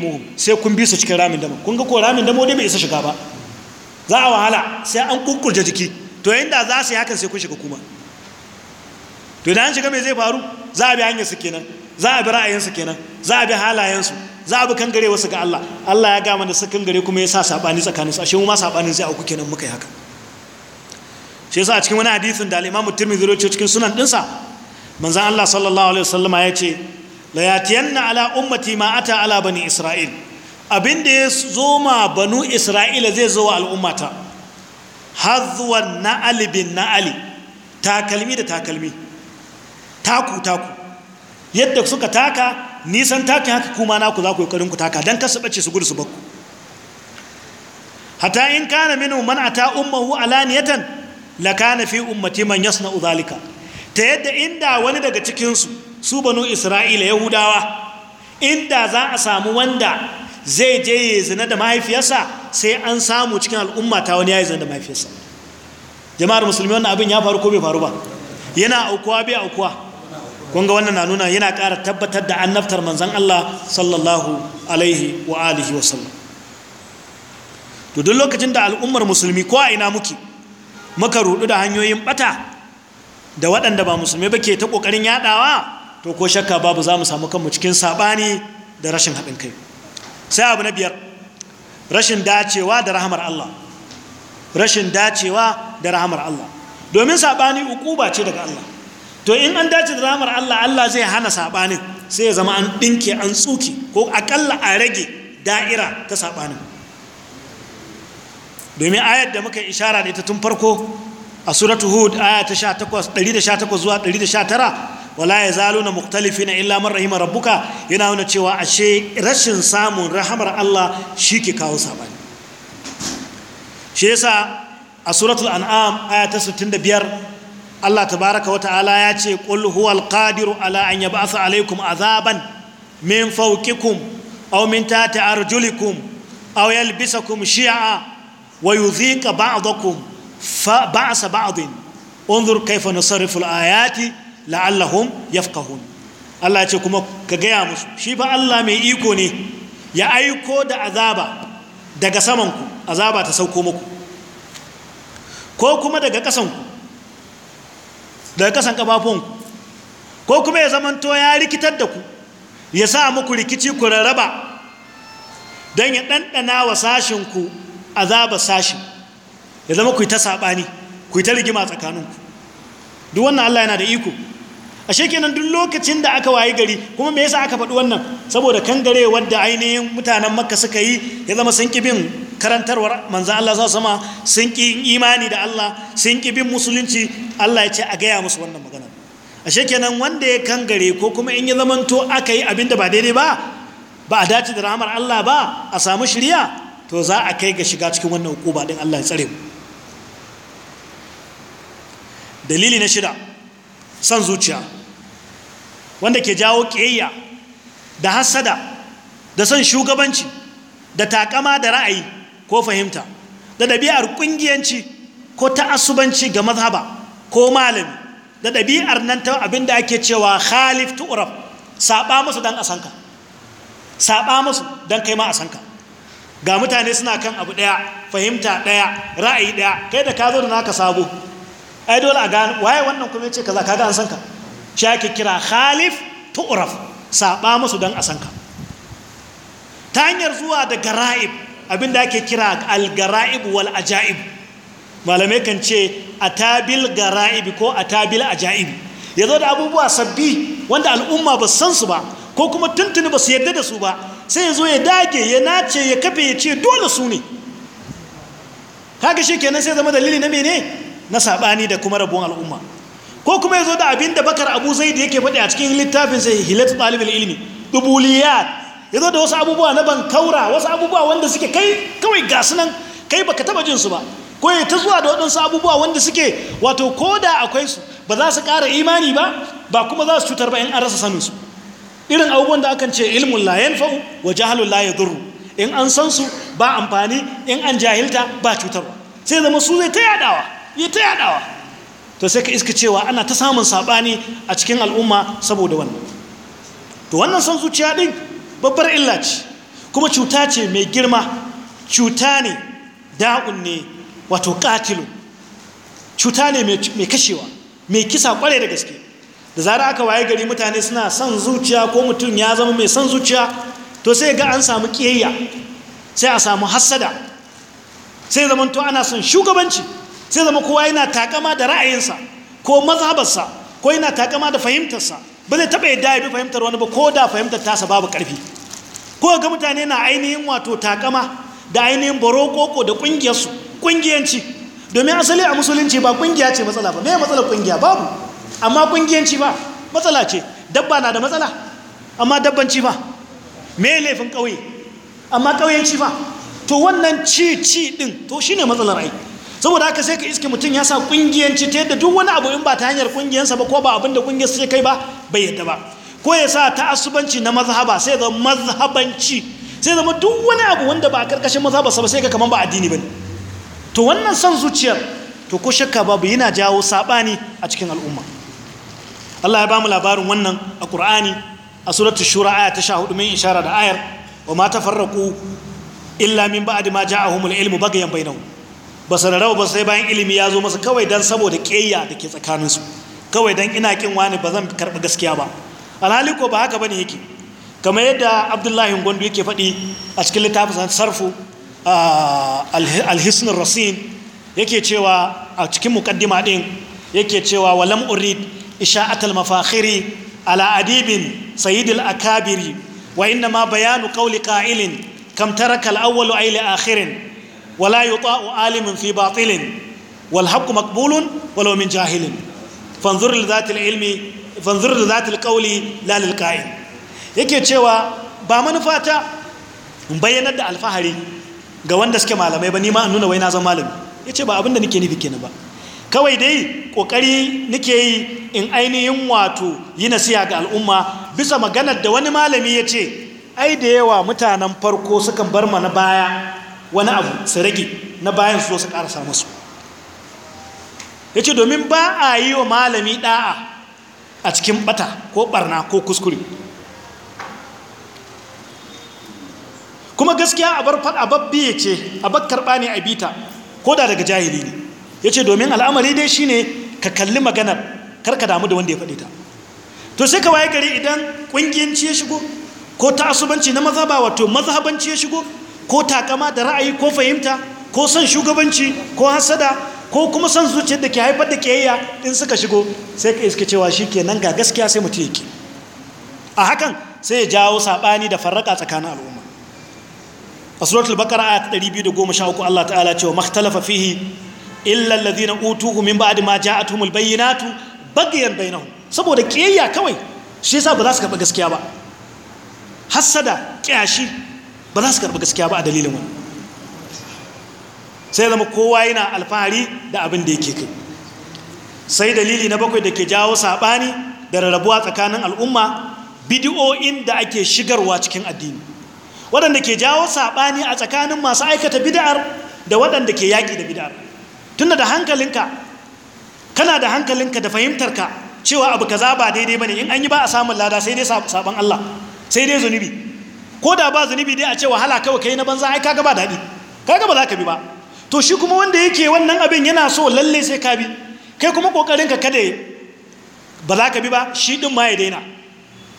mu sai kun bi su cikin ramin damo kun ga ko ramin damo dai bai isa shiga ba za a wahala sai an kunkurje jiki to yanda za su yi hakan sai kun shiga kuma to idan an shiga mai zai faru za a bi hanyar su kenan za a bi ra'ayin su kenan za a bi halayen su za a bi kangare wasu ga Allah Allah ya ga mana su kangare kuma ya sa sabani tsakanin su ashe mu ma sabani sai auku kenan muka yi haka shi yasa a cikin wani hadisin da al-Imam Tirmidhi rawaito cikin sunan dinsa manzon Allah sallallahu alaihi wasallama ya ce layatiyanna ala ummati ma ata ala bani isra'il abin da ya zo ma banu isra'ila zai zo wa al'ummata na na'ali bin na'ali takalmi da takalmi taku taku yadda suka taka nisan takin haka kuma naku za ku yi ku taka don kasu ɓace su gudu su bakku hata in kana minu man ata ummahu alaniyatan la kana fi ummati man yasna uzalika. ta yadda inda wani daga cikinsu su banu isra'ila yahudawa inda za a samu wanda zai je ya zina da mahaifiyarsa sai an samu cikin al'umma ta wani ya yi zina da mahaifiyarsa jama'ar musulmi wannan abin ya faru ko bai faru ba yana aukuwa bai aukuwa kun wannan na nuna yana ƙara tabbatar da an annabtar manzan Allah sallallahu alaihi wa alihi wa sallam to duk lokacin da al'ummar musulmi ko a ina muke muka rudu da hanyoyin bata da waɗanda ba musulmi ba ke ta ƙoƙarin yaɗawa to ko shakka babu za mu samu kanmu cikin saɓani da rashin haɗin kai sai abu na biyar rashin dacewa da rahamar Allah rashin dacewa da rahamar Allah domin saɓani ba ce daga Allah to in an dace da rahamar Allah Allah zai hana saɓanin sai ya zama an ɗinke an tsuki ko aƙalla a rage da'ira ta saɓanin domin ayar da muka ishara da ita tun farko a suratu hud aya ta 118 zuwa wala ya yazaluna mukhtalifina illa man rabbuka yana nuna cewa ashe rashin samun rahamar Allah ke kawo sabani shi yasa a suratul an'am aya ta 65 Allah tabaraka wata'ala ya ce qul huwal qadiru ala an yab'atha alaykum azaban min fawqikum aw min tahti arjulikum aw yalbisakum shi'a wa yudhiqa ba'dakum fa ba'sa ba'din unzur kayfa nusarrifu al-ayati la'allahum yafqahun Allah ce kuma ka gaya musu shi fa Allah mai iko ne ya aiko da azaba daga samanku azaba ta sauko muku ko kuma daga kasanku daga kasan kafafunku ko kuma ya zamanto ya rikitar da ku ya sa muku rikici ku rarraba don ya ɗanɗana wa sashinku azaba sashi ya zama ku yi ta saɓani ku yi ta rigima tsakaninku duk wannan Allah yana da iko ashe kenan duk lokacin da aka wayi gari kuma me yasa aka faɗi wannan saboda kan gare wadda ainihin mutanen makka suka yi ya zama sun ƙi bin karantarwar manzan Allah sa sama sun ƙi imani da Allah sun ƙi bin musulunci Allah ya ce a gaya musu wannan magana ashe kenan wanda ya kan gare ko kuma in ya zamanto aka yi abin da ba daidai ba ba a dace da rahamar Allah ba a samu shirya to za a kai ga shiga cikin wannan hukuma din Allah ya tsare mu dalili na shida son zuciya wanda ke jawo ƙiyayya da hassada da son shugabanci da takama da ra'ayi ko fahimta da ɗabi'ar ƙungiyanci ko ta'asubanci ga mazhaba ko malami da ɗabi'ar nan ta abin da ake cewa khalif tu'raf saɓa musu don asanka saɓa musu don kai ma asanka ga mutane suna kan abu ɗaya fahimta ɗaya ra'ayi ɗaya kai da ka zo da naka sabo ai dole a gano waye wannan kuma ya ce kaza kaga an sanka shi ake kira khalif tu'raf saba musu don a sanka ta hanyar zuwa da gara'ib abinda ake kira al-gara'ib wal aja'ib malamai kan ce atabil gara'ib ko atabil aja'ib ya zo da abubuwa sabbi wanda al'umma ba san su ba ko kuma tuntuni ba su yarda da su ba sai ya zo ya dage ya nace ya kafe ya ce dole su ne kaga shi kenan sai zama dalili na mene na saɓani da kuma rabuwan al'umma ko kuma ya zo da abin da bakar abu zai da yake faɗi a cikin littafin sai hilatu ɗalibin ilimi dubuliyat ya zo da wasu abubuwa na bankaura wasu abubuwa wanda suke kai kawai ga sunan nan kai baka taba jinsu ba ko ya ta zuwa da waɗansu abubuwa wanda suke wato ko da akwai su ba za su ƙara imani ba ba kuma za su cutar ba in an rasa sanin su. irin abubuwan da akan ce ilmun la yanfa'u wa jahalun la yadurru in an san su ba amfani in an jahilta ba cutarwa sai zama su zai ta yadawa ya ta yadawa to sai ka iska cewa ana ta samun saɓani a cikin al'umma saboda wannan to wannan son zuciya ɗin babbar illa ce kuma cuta ce mai girma cuta ne da'un ne wato katilu cuta ne mai kashewa mai kisa kware da gaske da zara aka waye gari mutane suna son zuciya ko mutum ya zama mai son zuciya to sai ga an samu kiyayya sai a samu hassada sai zamanto ana son shugabanci sai zama kowa yana takama da ra'ayinsa ko mazhabarsa ko yana takama da fahimtarsa ba zai taɓa yadda ya bi fahimtar wani ba ko da fahimtar tasa babu ƙarfi ko ga mutane na ainihin wato takama da ainihin barokoko da ƙungiyarsu ƙungiyanci domin asali a musulunci ba ƙungiya ce matsala ba me matsala ƙungiya babu amma ƙungiyanci ba matsala ce dabba na da matsala amma dabbanci ba me laifin ƙauye amma ƙauyenci ba to wannan ci ci ɗin to shine matsalar aiki saboda haka sai ka iske mutum ya sa kungiyanci ta yadda duk wani abu in ba ta hanyar kungiyansa ba ko ba abin da kungiyarsa ce kai ba bai yadda ba ko ya sa ta'assubanci na mazhaba sai zama mazhabanci sai zama duk wani abu wanda ba a karkashin sa ba sai ka kaman ba addini bane to wannan son zuciyar to ko shakka babu yana jawo sabani a cikin al'umma Allah ya ba mu labarin wannan a Qur'ani a suratul shura aya ta 14 min ishara da ayar wa ma tafarraqu illa min ba'di ma ja'ahumul ilmu bagayan bainahum ba su rarraba ba sai bayan ilimi ya zo masa kawai don saboda ƙeya da ke tsakaninsu kawai don ina kin wani ba zan karɓi gaskiya ba alhali ko ba haka ba ne yake kamar yadda abdullahi gondo yake faɗi a cikin littafin sarfu alhisnin rasin yake cewa a cikin mukaddima ɗin yake cewa walam urid isha'atul mafakhiri ala adibin sayyidil akabiri wa inna ma bayanu qawli qa'ilin kam taraka al-awwalu ay akhirin wala yuta'u alimin fi batilin wal haqqu makbulun walau jahilin fanzur li zati ilmi fanzur li zati yake cewa ba manufa ta bayyanar da alfahari ga wanda suke malamai ba ni ma nuna wai na zan malami yace ba abinda nake nufi kenan ba kawai dai kokari nake yi in ainihin wato yi nasiha ga al'umma bisa maganar da wani malami ya ce ai da yawa mutanen farko sukan bar mana baya wani abu su rage na bayan su zo su yace ya ce domin ba a yi wa malami ɗa'a a cikin ɓata ko ɓarna ko kuskure kuma gaskiya a bar faɗa ya ce a karɓa ne a bita ko da daga jahili ne ya ce domin al'amari dai shine ka kalli maganar karka damu da wanda ya faɗi ta to sai ka waye gari idan ƙungiyanci ya shigo ko ta asubanci na mazhaba wato mazhabanci ya shigo ko takama da ra'ayi ko fahimta ko son shugabanci ko hasada ko kuma son zuciyar da ke haifar da kiyayya in suka shigo sai ka iske cewa shi ke nan ga gaskiya sai mutu yake a hakan sai ya jawo saɓani da farraka tsakanin al'umma a suratul bakar ayat 213 Allah ta'ala cewa makhtalafa fihi illa alladhina utuhu min ba'di ma ja'atuhumul bayyinatu bagyan bainahum saboda kiyayya kawai shi yasa ba za su karɓi gaskiya ba hassada ƙyashi. ba za su karɓi gaskiya ba a dalilin wani sai zama kowa yana alfahari da abin da yake kai sai dalili na bakwai da ke jawo saɓani da rarrabuwa tsakanin al'umma bidiyo'in da ake shigarwa cikin addini waɗanda ke jawo saɓani a tsakanin masu aikata bidiyar da waɗanda ke yaƙi da bidiyar tunda da hankalinka kana da hankalinka da fahimtarka cewa abu ka za ba daidai ba ne in an yi ba a samun lada sai dai saban Allah sai dai zunubi ko da ba zunubi dai a ce wahala kawai kai na banza ai kaga ba daɗi kaga ba za ka bi ba to shi kuma wanda yake wannan abin yana so lalle sai ka bi kai kuma kokarin ka kada ba za ka bi ba shi din ma ya daina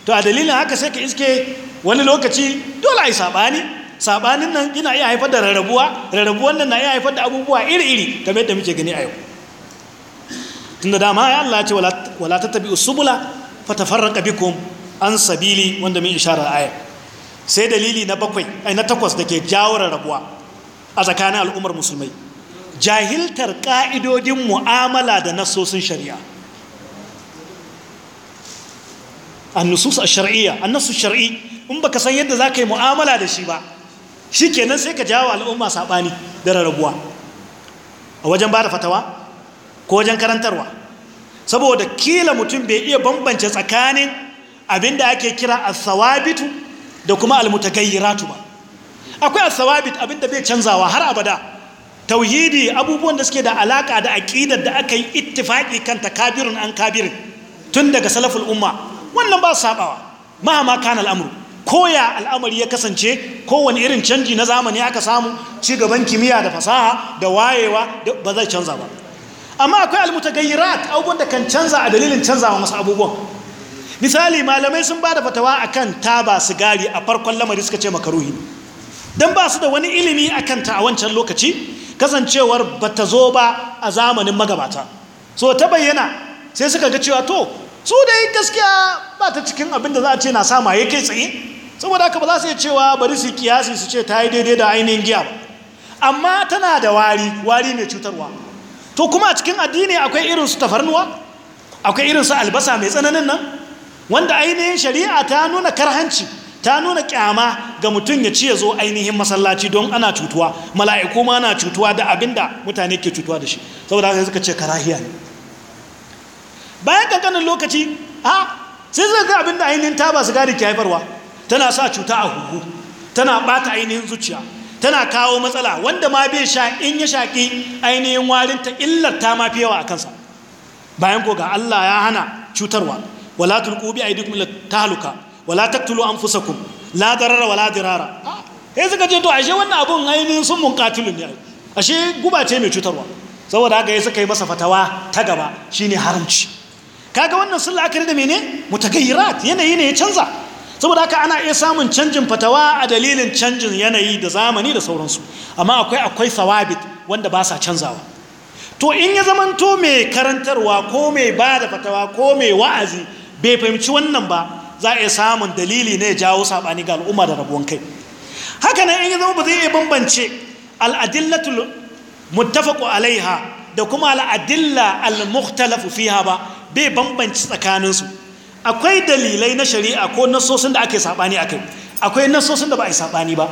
to a dalilin haka sai ka iske wani lokaci dole ai saɓani. Saɓanin nan ina iya haifar da rarrabuwa rarrabuwan nan na iya haifar da abubuwa iri-iri kamar yadda muke gani a yau tunda dama ya Allah ce wala tattabi'us subula fatafarraqa bikum an sabili wanda mun isharar ayat sai dalili na bakwai na takwas da ke jawo rabuwa a tsakanin al'ummar musulmai jahiltar ƙa'idodin mu'amala da nasosin shari'a annusus a shari'a annasu shari'i in baka san yadda za yi mu'amala da shi ba shi kenan sai ka jawo al'umma saɓani da rarrabuwa a wajen ba fatawa ko wajen karantarwa saboda kila mutum bai iya bambance tsakanin abinda ake kira a sawabitu da kuma almutagayyiratu ba akwai asawabit abinda bai canzawa har abada tauhidi abubuwan da suke da alaka da aqidar da aka yi ittifaqi kan takabirun an kabirin tun daga salaful umma wannan ba sabawa mahama kana al'amru koya al'amari ya kasance kowane irin canji na zamani aka samu ci gaban kimiyya da fasaha da wayewa ba zai canza ba amma akwai almutagayyirat abubuwan da kan canza a dalilin canzawa masu abubuwan misali malamai sun ba da fatawa a akan taba sigari a farkon lamari suka ce makaruhi don ba su da wani ilimi a ta a wancan lokaci kasancewar ba ta zo ba a zamanin magabata so ta bayyana sai suka ga cewa to su da yi gaskiya ba ta cikin abin da za a ce na sama ya kai tsaye saboda haka ba za su iya cewa bari su kiyasi su ce ta yi daidai da ainihin giya ba amma tana da wari wari mai cutarwa to kuma a cikin addini akwai irin su tafarnuwa akwai irin su albasa mai tsananin nan wanda ainihin shari'a ta nuna karhanci ta nuna kyama ga mutum ya ci ya zo ainihin masallaci don ana cutuwa mala'iku ma na cutuwa da abinda mutane ke cutuwa da shi saboda haka suka ce karahiya ne bayan kankanin lokaci ha sai zai ga abinda ainihin taba gari ke haifarwa tana sa cuta a huhu tana bata ainihin zuciya tana kawo matsala wanda ma bai sha in ya shaƙi ainihin warinta illar ta mafi yawa a kansa bayan ko ga Allah ya hana cutarwa wala tulqu bi aydikum ta haluka wala taqtulu an la ladarara wala dirara sai suka ce to ashe wannan abun ainihin sun munqatilun ne ashe guba ce mai cutarwa saboda haka ya suka yi masa fatawa ta gaba shi ne haramci kaga wannan sun la'akari da mene gayyara yanayi ne ya canza saboda haka ana iya samun canjin fatawa a dalilin canjin yanayi da zamani da sauransu amma akwai akwai sawabit wanda ba sa canzawa to in ya zamanto mai karantarwa ko mai ba da fatawa ko mai wa'azi bai fahimci wannan ba za a iya samun dalili ne jawo saɓani ga al'umma da rabuwan kai haka nan in zama ba zai iya bambance al'adillatul muttafaku alaiha da kuma al'adilla al-mukhtalafu fiha ba bai bambanci tsakaninsu akwai dalilai na shari'a ko nasosin da ake saɓani a kai akwai nasosin da ba a yi saɓani ba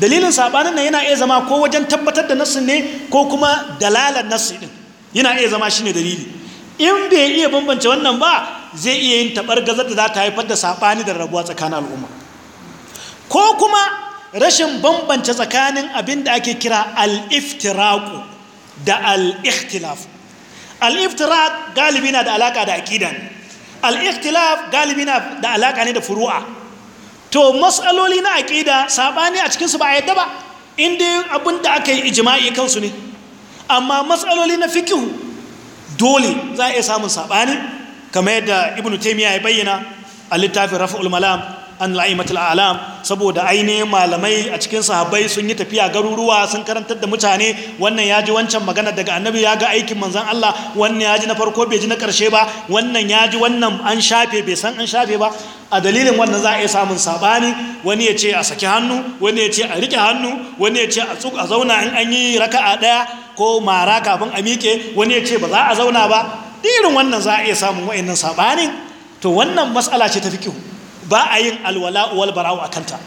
dalilin saɓanin nan yana iya zama ko wajen tabbatar da nassin ne ko kuma dalalar nassi din yana iya zama shine dalili in bai iya bambance wannan ba zai iya yin taɓar gazar da za ta haifar da saɓani da rabuwa tsakanin al'umma ko kuma rashin bambance tsakanin abin da ake kira al'iftiraku da al'ikhtilaf al'iftirak galibi na da alaƙa da aƙida ne al'ikhtilaf galibi na da alaƙa ne da furu'a to matsaloli na aƙida saɓani a cikinsu ba a yadda ba inda abin da aka yi ijima'i kansu ne amma matsaloli na fikihu dole za a iya samun saɓani kamar yadda ibn taymiya ya bayyana a littafin rafa'ul malam an la'imatul alam saboda ainihin malamai a cikin sahabbai sun yi tafiya garuruwa sun karantar da mutane wannan ya ji wancan magana daga annabi ya ga aikin manzon Allah wannan ya ji na farko bai ji na karshe ba wannan ya ji wannan an shafe bai san an shafe ba a dalilin wannan za a iya samun sabani wani ya ce a saki hannu wani ya ce a rike hannu wani ya ce a zauna in an yi raka'a ɗaya ko mara kafin a miƙe wani ya ce ba za a zauna ba irin wannan za a iya samun wa'annan saɓanin to wannan matsala ce ta fikihu ba a yin alwala wal a akanta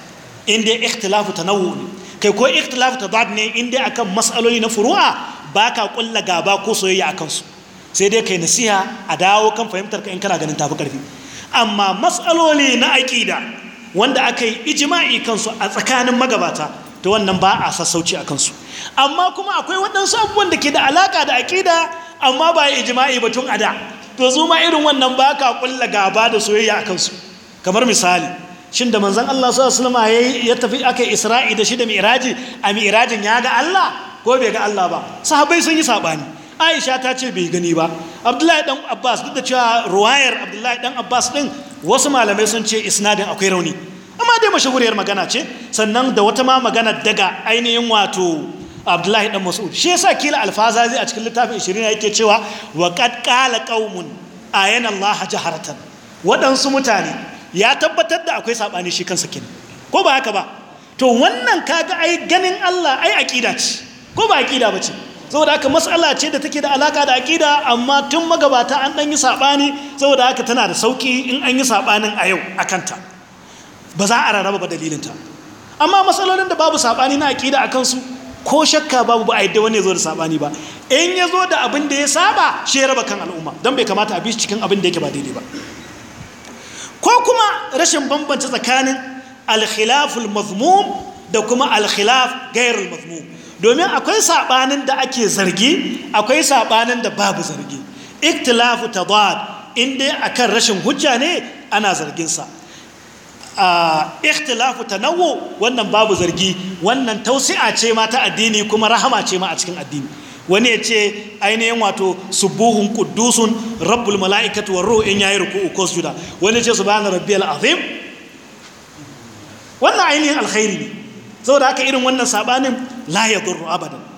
Inda dai ikhtilafu tanawwu ne kai ko ikhtilafu bad ne in dai akan matsaloli na furu'a ka ƙulla gaba ko soyayya a kansu. sai dai kai nasiha a dawo kan fahimtar ka in kana ganin tafi ƙarfi. amma mas'aloli na aƙida. wanda aka yi ijima'i kansu a tsakanin magabata to wannan ba a sassauci a kansu. amma kuma akwai waɗansu abubuwan da ke da alaƙa da aƙida. amma ba ijima'i ba tun ada to zo ma irin wannan ba ka kulla gaba da soyayya a kansu kamar misali shin da manzon Allah sallallahu alaihi wasallam ya tafi aka Isra'i da shi da Mi'raji a Mi'rajin ya ga Allah ko bai ga Allah ba sahabbai sun yi sabani aisha ta ce bai gani ba abdullahi dan abbas duk da cewa ruwayar abdullahi dan abbas din wasu malamai sun ce isnadin akwai rauni amma dai mashahuriyar magana ce sannan da wata ma magana daga ainihin wato abdullahi dan mas'ud shi yasa kila alfaza zai a cikin littafin 20 yake cewa wa qad qala qaumun ayana allah jaharatan wadansu mutane ya tabbatar da akwai sabani shi kansa kin ko ba haka ba to wannan kaga ai ganin allah ai aqida ce ko ba aqida bace saboda haka mas'ala ce da take da alaka da aqida amma tun magabata an dan yi sabani saboda haka tana da sauki in an yi saɓanin a yau akanta ba za a rarraba ba dalilinta amma matsalolin da babu saɓani na aqida a kansu. ko shakka babu ba a yadda wani ya zo da saɓani ba in ya zo da abin da ya saba shi ya raba kan al'umma don bai kamata a bi cikin abin da yake ba daidai ba ko kuma rashin bambanta tsakanin alkhilaful mazmum da kuma alkhilaf gairul mazmum domin akwai saɓanin da ake zargi akwai saɓanin da babu zargi iktilafu tadad in dai akan rashin hujja ne ana zargin sa a ikhtilafu tanawu wannan babu zargi wannan tausi'a ce ma ta addini kuma rahama ce ma a cikin addini wani ya ce ainihin wato subuhun kudusun rabbul mala'ikatu war ruhu in yayi ruku'u ko sujuda wani ya ce subhana rabbi azim wannan ainihin alkhairi ne saboda haka irin wannan sabanin la yadurru abadan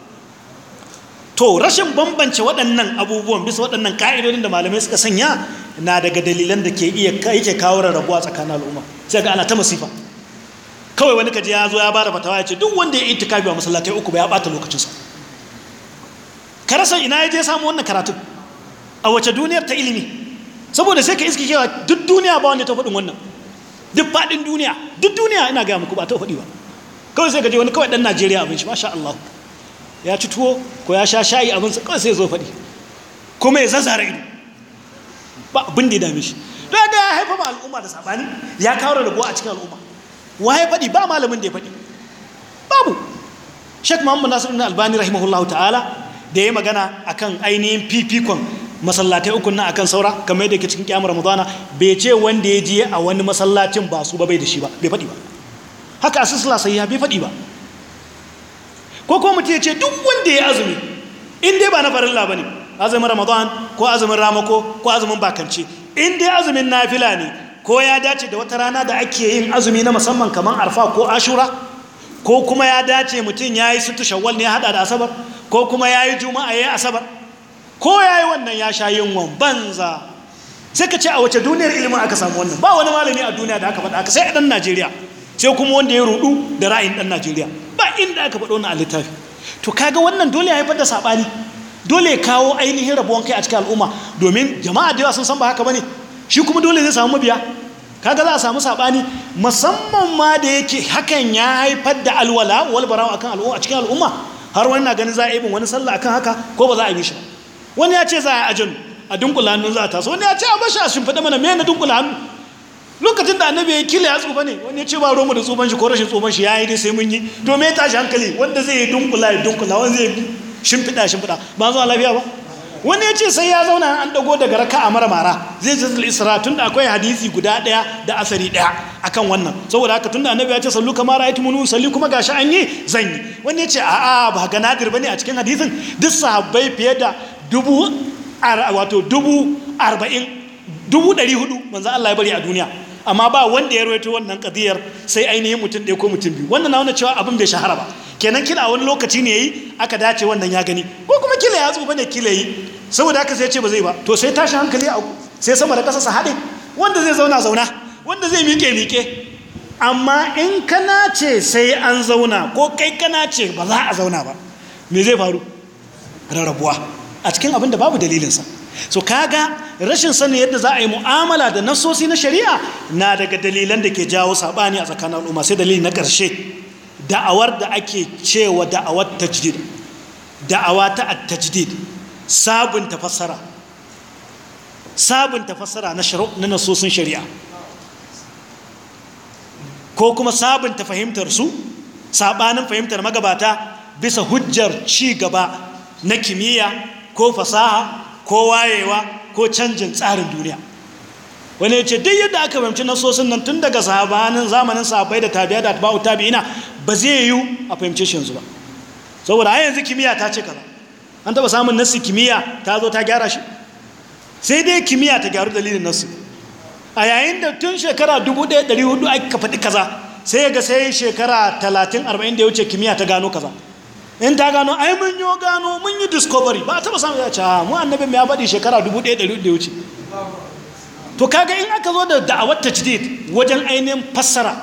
to rashin bambance waɗannan abubuwan bisa waɗannan ka'idodin da malamai suka sanya na daga dalilan da ke iya yake kawo rarrabuwa tsakanin al'umma sai ga ana ta masifa kawai wani kaji ya zo ya bada fatawa ya ce duk wanda ya yi itikafi a masallatai uku ba ya ɓata sa ka rasa ina ya je samu wannan karatun a wace duniyar ta ilimi saboda sai ka iske cewa duk duniya ba wanda ta faɗin wannan duk faɗin duniya duk duniya ina gaya muku ba ta faɗi ba kawai sai ka je wani kawai ɗan najeriya abin shi masha Allah ya ci tuwo ko ya sha shayi su kawai sai zo faɗi kuma ya zazzara ido ba abin da ya dame shi to yadda ya haifa ma al'umma da sabani ya kawo rabuwa a cikin al'umma wa ya faɗi ba malamin da ya faɗi babu shek muhammad nasir ibn albani rahimahullahu ta'ala da ya yi magana a kan ainihin fifikon masallatai uku na akan saura kamar yadda ke cikin kyamar ramadana bai ce wanda ya je a wani masallacin ba su ba bai da shi ba bai faɗi ba haka a sisila sai ya bai faɗi ba ko ko mutum ya ce duk wanda ya azumi in dai ba na farilla ba ne azumin ramadan ko azumin ramako ko azumin bakance in dai azumin nafila ne ko ya dace da wata rana da ake yin azumi na musamman kamar arfa ko ashura ko kuma ya dace mutum ya yi sutu shawwal ne ya hada da asabar ko kuma ya yi juma'a ya yi asabar ko ya yi wannan ya sha yin wan banza sai ka ce a wace duniyar ilimin aka samu wannan ba wani malami a duniya da aka faɗa aka sai a ɗan najeriya sai kuma wanda ya rudu da ra'ayin dan najeriya ba inda aka faɗo na littafi to kaga wannan dole ya haifar da saɓani dole ya kawo ainihin rabuwan kai a cikin al'umma domin jama'a da yawa sun san ba haka bane shi kuma dole zai samu mabiya kaga za a samu saɓani musamman ma da yake hakan ya haifar da alwala walbarawa akan al'umma a cikin al'umma har wani na ganin za a yi wani sallah akan haka ko ba za a yi shi wani ya ce za a yi ajin a dunkula hannu za a taso wani ya ce a bashi a shimfiɗa mana me na dunkula hannu lokacin da annabi ya kila ya tsufa ne wani ya ce ba romu da tsufan shi ko rashin tsufan shi ya yi dai sai mun yi to me tashi hankali wanda zai yi dunkula ya dunkula wanda zai shimfiɗa shimfiɗa ba zuwa lafiya ba wani ya ce sai ya zauna an dago daga raka a mara mara zai zai isra tun da akwai hadisi guda ɗaya da asari ɗaya akan wannan saboda haka tun da annabi ya ce sallu kamar ayatu munu salli kuma gashi an yi zan yi wani ya ce a'a ba ga nadir bane a cikin hadisin duk sahabbai fiye da dubu wato dubu arba'in dubu ɗari hudu manzan Allah ya bari a duniya amma ba wanda ya rawaito wannan kadiyar sai ainihin mutum ɗaya ko mutum biyu wannan na wani cewa abin bai shahara ba kenan kila wani lokaci ne yayi aka dace wannan ya gani ko kuma kila ya tsufa ne kila yi saboda haka sai ce ba zai ba to sai tashi hankali a sai sama da ƙasa su haɗe wanda zai zauna zauna wanda zai miƙe miƙe amma in kana ce sai an zauna ko kai kana ce ba za a zauna ba me zai faru rarrabuwa a cikin abin da babu dalilinsa so kaga rashin sanin yadda za a yi mu'amala da nasosi na shari'a na daga dalilan da ke jawo saɓani a tsakanin al'umma sai dalili na ƙarshe da'awar da ake cewa da'awar tajdid da'awa ta tajdid sabunta fassara sabunta fassara na nasosin shari'a ko kuma sabunta fahimtar su saɓanin fahimtar magabata bisa hujjar ci gaba na kimiyya ko fasaha ko wayewa ko canjin tsarin duniya wani ya ce duk yadda aka fahimci nasosin nan tun daga sahabanin zamanin sahabai da tabiya da atba'u tabi'ina ba zai yiwu a fahimce shi yanzu ba saboda a yanzu kimiyya ta ce kaza an taba samun nasi kimiyya ta zo ta gyara shi sai dai kimiyya ta gyaru dalilin nasu a yayin da tun shekara 1400 aka faɗi kaza sai ga sai shekara 30 40 da ya wuce kimiyya ta gano kaza in ta gano ai mun yi gano mun yi discovery ba a taba samu ya ce ah, mu annabin ya faɗi shekara 1100 da wuce to kaga in aka zo da da'awar tajdid wajen ainihin fassara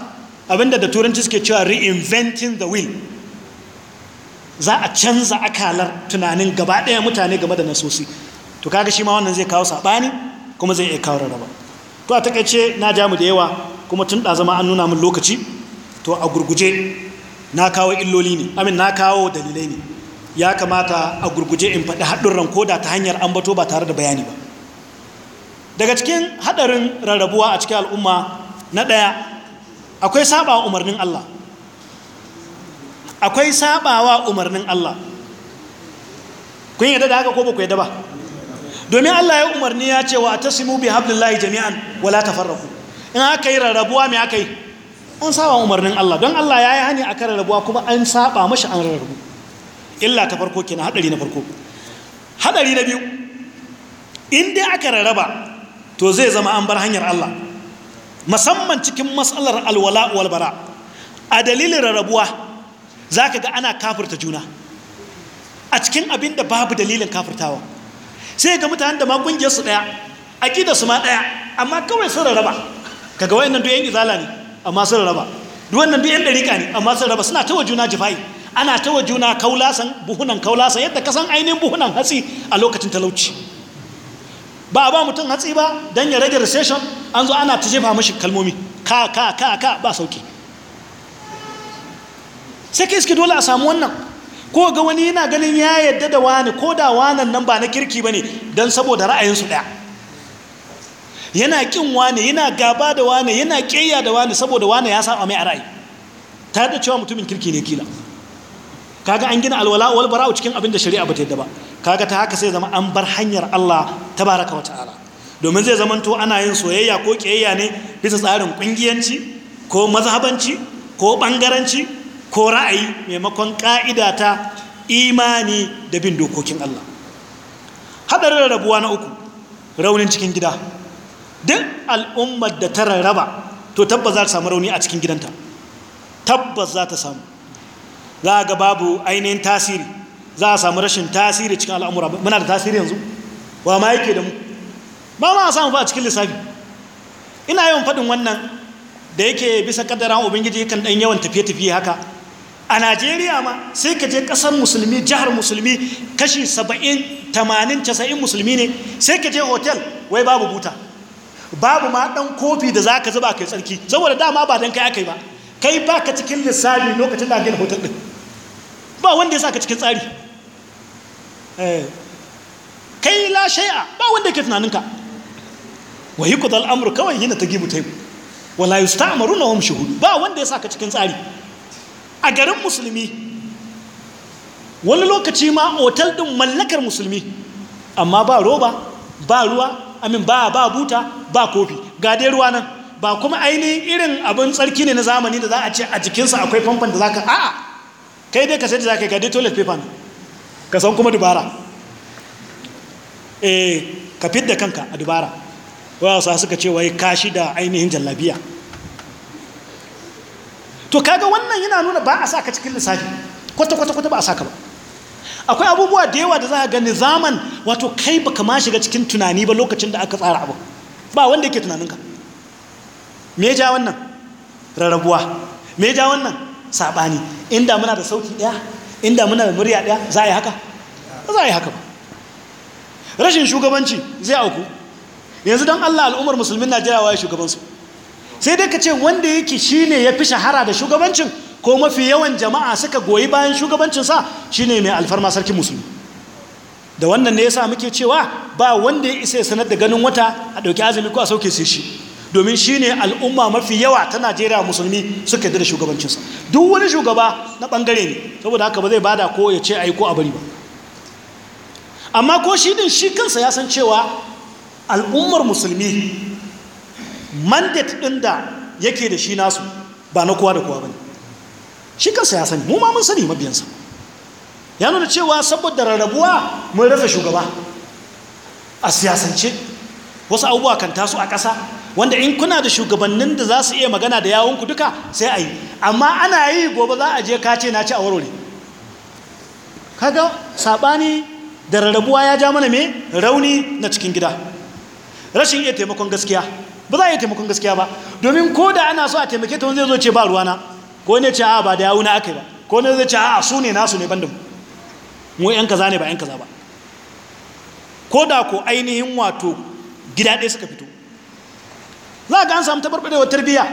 abinda da turanci suke cewa reinventing the wheel za a canza akalar tunanin gaba ɗaya mutane game da nasosi to kaga shi ma wannan zai kawo saɓani kuma zai iya kawo rarraba to a takaice na ja mu da yawa kuma tun da zama an nuna min lokaci to a gurguje na kawo illoli ne amin na kawo dalilai ne ya kamata a gurguje in faɗi ranko koda ta hanyar ambato ba tare da bayani ba daga cikin haɗarin rarrabuwa a cikin al'umma na ɗaya akwai saɓawa umarnin Allah akwai saɓawa umarnin Allah kun yi da haka ko ba ku yada ba domin Allah ya umarni ya ce wa a tasimu bi hablillahi jami'an wala tafarraku in aka yi rarrabuwa me aka yi an saba umarnin Allah don Allah ya yi hani a kan rabuwa kuma an saba mashi an rarrabu illa ta farko kenan hadari na farko hadari na biyu in dai aka rarraba to zai zama an bar hanyar Allah musamman cikin matsalar alwala walbara a dalilin rarrabuwa za ka ga ana kafirta juna a cikin abin da babu dalilin kafurtawa. sai ga mutanen da ma kungiyar su daya a su ma daya amma kawai sun rarraba kaga wayannan duk yan izala ne amma sun raba duk wannan duk yan ne amma sun raba suna tawa juna jifa'i ana tawa juna kaulasan buhunan kaulasan yadda ka ainihin buhunan hatsi a lokacin talauci ba a ba mutum hatsi ba don ya rage recession an zo ana ta jefa mashi kalmomi ka ka ka ka ba sauki sai ka iske dole a samu wannan ko ga wani yana ganin ya yadda da wani ko da wanan nan ba na kirki ba ne don saboda ra'ayinsu ɗaya yana kin wane yana gaba da wane yana ƙeya da wane saboda wane ya saba mai a ra'ayi ta da cewa mutumin kirki ne kila kaga an gina alwala wal bara'u cikin abin da shari'a ba yadda ba kaga ta haka sai zama an bar hanyar Allah tabaraka wa ta'ala domin zai zamanto ana yin soyayya ko kiyaya ne bisa tsarin kungiyanci ko mazhabanci ko bangaranci ko ra'ayi maimakon ka'ida ta imani da bin dokokin Allah hadarin rabuwa na uku raunin cikin gida duk al'ummar da ta rarraba to tabbas za ta samu rauni a cikin gidanta tabbas za ta samu za ga babu ainihin tasiri za a samu rashin tasiri cikin al'amura muna da tasiri yanzu wa ma yake da mu ba ma a samu ba a cikin lissafi ina yawan faɗin wannan da yake bisa ƙaddaran ubangiji kan ɗan yawan tafiye-tafiye haka a najeriya ma sai ka je ƙasar musulmi jihar musulmi kashi saba'in tamanin casa'in musulmi ne sai ka je hotel wai babu buta babu ma ɗan kofi da za ka zuba kai tsarki saboda dama ba dan kai aka yi ba kai ba ka cikin lissafi lokacin da gina hotel din. ba wanda ya saka cikin tsari eh. kai la shai'a ba wanda ke tunaninka wa yakud kudal amur kawai yana ta gibu taimu wala yusta'maruna hum shuhud ba wanda ya saka cikin tsari a garin musulmi wani lokaci ma otal din mallakar musulmi amma ba roba ba ruwa amin ba ba buta ba kofi ga dai ruwa nan ba kuma ainihin irin abin tsarki ne na zamani da za a ce a jikinsa akwai famfan da za ka a'a kai dai ka sai da za ka ga dai toilet paper ka san kuma dubara eh ka fit da kanka a dubara wasa suka ce wai kashi da ainihin jallabiya to kaga wannan yana nuna ba a sa ka cikin lissafi kwata-kwata ba a sa ka ba akwai abubuwa da yawa da za a ga nizaman wato kai ba kama shiga cikin tunani ba lokacin da aka tsara abu ba wanda yake tunaninka me ya ja wannan rarrabuwa me ya ja wannan saɓani inda muna da sauki ɗaya inda muna da murya ɗaya za a yi haka ba za a yi haka ba rashin shugabanci zai auku yanzu don allah al'ummar musulmin najeriya waye shugabansu sai dai ka ce wanda yake shine ya fi shahara da shugabancin ko mafi yawan jama'a suka goyi bayan shugabancinsa ne mai alfarma sarkin musulmi da wannan ne yasa muke cewa ba wanda ya isa sanar da ganin wata a ɗauki azumi ko a sauke sai shi domin shine al'umma mafi yawa ta Najeriya musulmi suka yi da shugabancinsa duk wani shugaba na bangare ne saboda haka ba zai bada ko ya ce ai ko a bari ba amma ko shi din shi kansa ya san cewa al'ummar musulmi mandate ɗin da yake da shi nasu ba na kowa da kowa bane shi kansa ya sani mu ma mun sani mabiyansa ya nuna cewa saboda rarrabuwa mun rasa shugaba a siyasance wasu abubuwa kan taso a kasa wanda in kuna da shugabannin da za su iya magana da yawonku duka sai a yi amma ana yi gobe za a je ka ce na ci a warware kaga saɓani da rarrabuwa ya ja mana me rauni na cikin gida rashin iya taimakon gaskiya ba za a iya taimakon gaskiya ba domin ko da ana so a taimake ta wani zai zo ce ba ruwana ko ne ce a ba da yawu na aka yi ba ko ne zai ce a su ne nasu ne ban mu yan kaza ne ba yan kaza ba ko da ko ainihin wato gida ɗaya suka fito za ga an samu tabarbarewar tarbiyya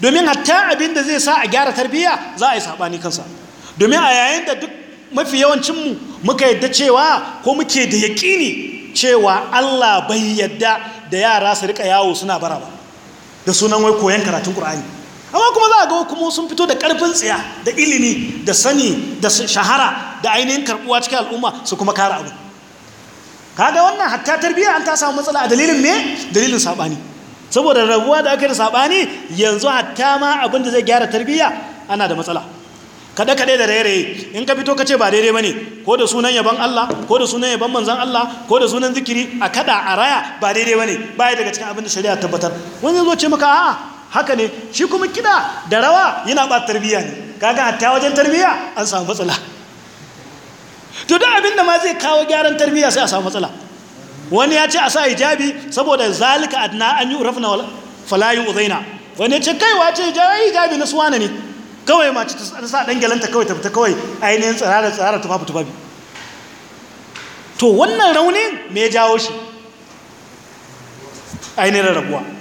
domin hatta abin da zai sa a gyara tarbiyya za a yi saɓani kansa domin a yayin da duk mafi yawancinmu muka yadda cewa ko muke da yaƙini cewa Allah bai yadda da yara su riƙa yawo suna bara ba da sunan wai koyon karatun ƙur'ani amma kuma za a ga kuma sun fito da karfin tsiya da ilimi da sani da shahara da ainihin karbuwa cikin al'umma su kuma kara abu kaga wannan hatta tarbiyya an ta samu matsala a dalilin me dalilin sabani saboda rabuwa da aka yi da sabani yanzu hatta ma abin da zai gyara tarbiyya ana da matsala kada kaɗe da raye-raye in ka fito ka ce ba daidai bane ko da sunan yaban Allah ko da sunan yaban manzon Allah ko da sunan zikiri a kaɗa a raya ba daidai ne baya daga cikin abin da shari'a tabbatar wani zo ce maka a'a haka ne shi kuma kiɗa da rawa yana ba tarbiyya ne kaga hatta wajen tarbiyya an samu matsala to da abin da ma zai kawo gyaran tarbiyya sai a samu matsala wani ya ce a sa hijabi saboda zalika adna an yi urafna falayin uzaina wani ya ce kai wa ce hijabi na suwana ne kawai mace ta sa dan galanta kawai ta fita kawai ainihin tsara tsirara tufafi tufafi to wannan raunin me ya jawo shi ainihin rabuwa.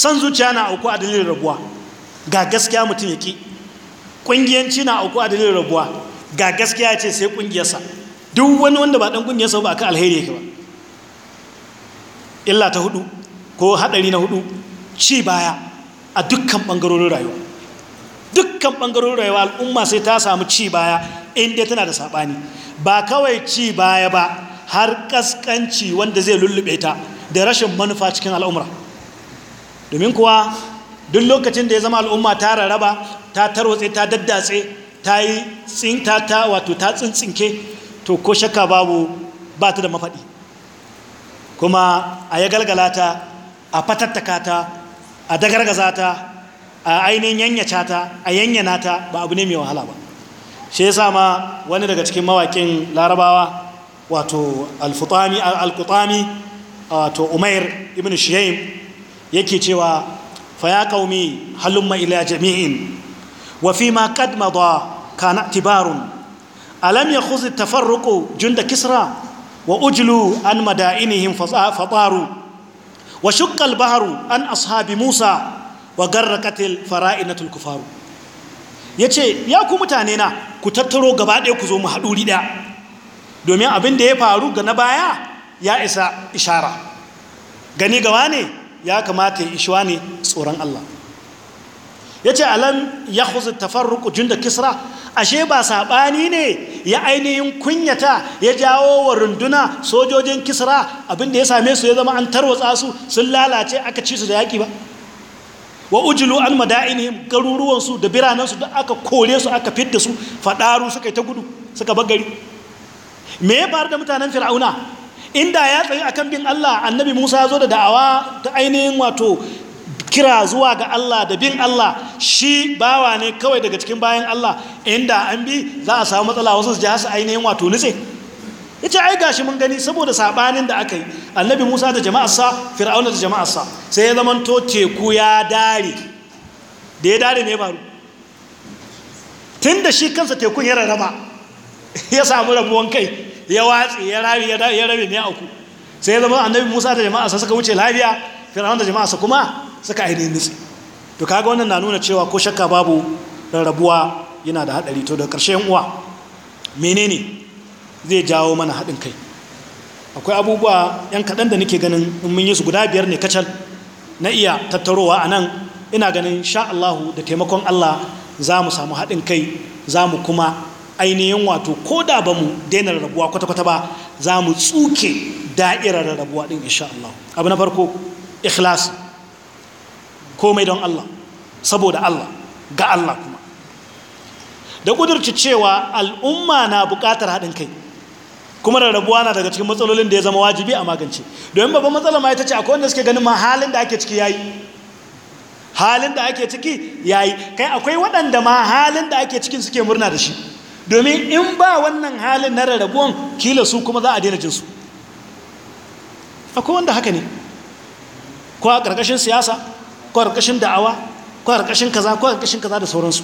san zuciya na auku a dalilin rabuwa ga gaskiya mutum ya ƙi ƙungiyanci na auku a dalilin rabuwa ga gaskiya ce sai ƙungiyarsa duk wani wanda ba ɗan ƙungiyarsa ba a alheri yake ba illa ta hudu ko haɗari na hudu ci baya a dukkan ɓangarorin rayuwa dukkan ɓangarorin rayuwa al'umma sai ta samu ci baya inda tana da saɓani ba kawai ci baya ba har ƙasƙanci wanda zai lullube ta da rashin manufa cikin al'umra domin kuwa duk lokacin da ya zama al'umma ta raraba ta tarwatse ta daddatse ta yi tsinta ta wato ta tsintsinke to ko shakka babu ba ta da mafaɗi kuma a ya galgala ta a fatattaka ta a dagargaza ta a ainihin yanyaca ta a yanyana ta ba abu ne mai wahala ba shi yasa ma wani daga cikin mawakin larabawa wato alfutami alkutami wato umair ibn shiyayim yake cewa fa ya qaumi halumma ila jami'in wa fi ma qad madha kana tibarun alam yakhuz at-tafarruqu junda kisra wa ujlu an madainihim fataru wa shaqqa al-bahru an ashabi musa wa garraqatil fara'inatul kufaru yace ya ku mutane na ku tattaro gaba ɗaya ku zo mu haɗuri ɗaya domin abin da ya faru ga na baya ya isa ishara gani gawa ne ya kamata ya ishiwa ne tsoron Allah ya ce alam ya huzu tafarruku da kisra ashe ba saɓani ne ya ainihin kunyata ya jawo wa runduna sojojin kisra abinda ya same su ya zama an tarwatsa su sun lalace aka ci su da yaƙi ba wa ujulu an mada'inihim garuruwansu da biranensu da aka kore su aka fidda su faɗaru suka yi ta gudu suka bagari me ya faru da mutanen fir'auna inda ya tsaye akan bin Allah annabi Musa ya zo da da'awa ta ainihin wato kira zuwa ga Allah da bin Allah shi bawa ne kawai daga cikin bayan Allah inda an bi za a samu matsala wasu su ji hasu ainihin wato nutse ya ce ai gashi mun gani saboda sabanin da aka yi annabi musa da jama'arsa fir'auna da jama'arsa sai ya zama to teku ya dare da ya dare mai faru tun shi kansa tekun ya rarraba (laughs) ya samu rabuwan kai ya watsi ya rabi ya rabi ne uku sai ya zama annabi musa da jama'a suka wuce lafiya firawun da jama'a su kuma suka ainihin nutse to kaga wannan na nuna cewa ko shakka babu rarrabuwa yana da haɗari to da ƙarshe yan uwa menene zai jawo mana haɗin kai akwai abubuwa yan kaɗan da nake ganin in mun yi su guda biyar ne kacal na iya tattarowa a nan ina ganin sha Allahu da taimakon Allah za mu samu haɗin kai za mu kuma ainihin wato ko da ba mu daina rarrabuwa kwata-kwata ba za mu tsuke da'irar rarrabuwa ɗin insha Allah abu na farko ikhlasi komai don Allah saboda Allah ga Allah kuma da ƙudurci cewa al'umma na buƙatar haɗin kai kuma rarrabuwa na daga cikin matsalolin da ya zama wajibi a magance domin babban matsala ma ita ce akwai wanda suke ganin ma halin da ake ciki yayi halin da ake ciki yayi kai akwai waɗanda ma halin da ake cikin suke murna da shi domin in ba wannan halin na rarrabuwan kila su kuma za a daina jinsu akwai wanda haka ne ko a ƙarƙashin siyasa ko a ƙarƙashin da'awa ko a ƙarƙashin kaza ko a ƙarƙashin kaza da sauransu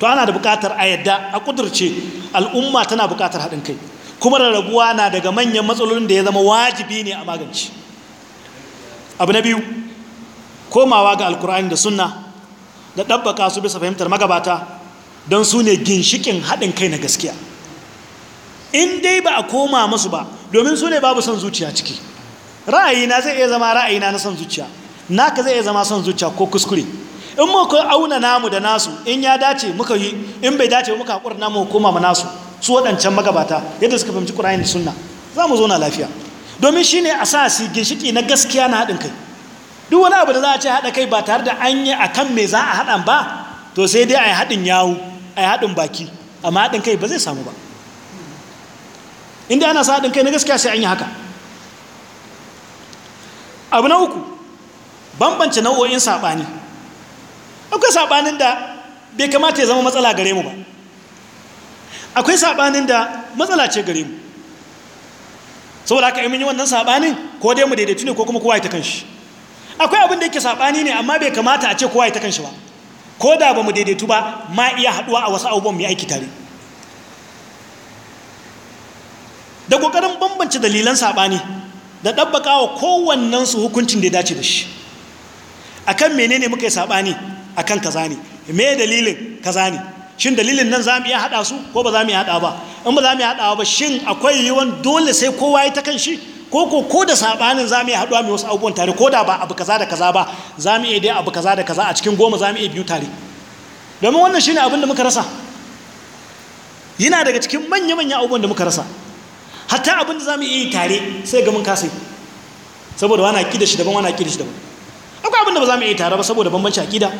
to ana da buƙatar a yadda a ƙudurce al'umma tana buƙatar haɗin kai kuma rarrabuwa na daga manyan matsalolin da ya zama wajibi ne a magance abu na biyu komawa ga alkur'ani da sunna da ɗabbaka su bisa fahimtar magabata don su ne ginshikin haɗin kai na gaskiya in dai ba a koma masu ba domin su ne babu son zuciya ciki ra'ayina zai iya zama ra'ayina na son zuciya naka zai iya zama son zuciya ko kuskure in kai auna namu da nasu in ya dace muka yi in bai dace muka haƙura namu koma ma nasu su waɗancan magabata yadda suka fahimci ƙura'ayin da sunna za mu zo na lafiya domin shi ne a sa su ginshiki na gaskiya na haɗin kai duk wani abu da za a ce haɗa kai ba tare da an yi a kan me za a haɗa ba to sai dai a yi haɗin yawu a haɗin baki amma haɗin kai ba zai samu ba inda ana sa haɗin kai na gaskiya sai an yi haka abu na uku bambance nau'o'in saɓani akwai saɓanin da bai kamata ya zama matsala gare mu ba akwai saɓanin da matsala ce gare mu saboda haka yi wannan saɓanin ko dai mu daidaitu ne ko kuma kowa ya ta kanshi akwai abin da yake saɓani ne amma bai kamata a ce kowa ya ta kanshi ba ko da ba mu daidaitu ba ma iya haɗuwa a wasu abubuwan mu aiki tare da ƙoƙarin bambance dalilan saɓani da ɗabbaka wa su hukuncin da ya dace da shi a kan menene muka yi saɓani a kan kaza ne me dalilin kaza ne shin dalilin nan za mu iya haɗa su ko ba za mu iya haɗa ba in ba za mu iya haɗa ba shin akwai yiwuwan dole sai kowa ya ta kan shi ko ko ko da sabanin za mu yi haɗuwa mai wasu abubuwan tare ko da ba abu kaza da kaza ba za mu iya dai abu kaza da kaza a cikin goma za mu iya biyu tare domin wannan shine abin da muka rasa yana daga cikin manya-manya abubuwan da muka rasa hatta abin da za mu iya yi tare sai ga mun kasai saboda wani akida shi daban wani akida shi daban akwai abin da ba za mu iya yi tare ba saboda bambancin akida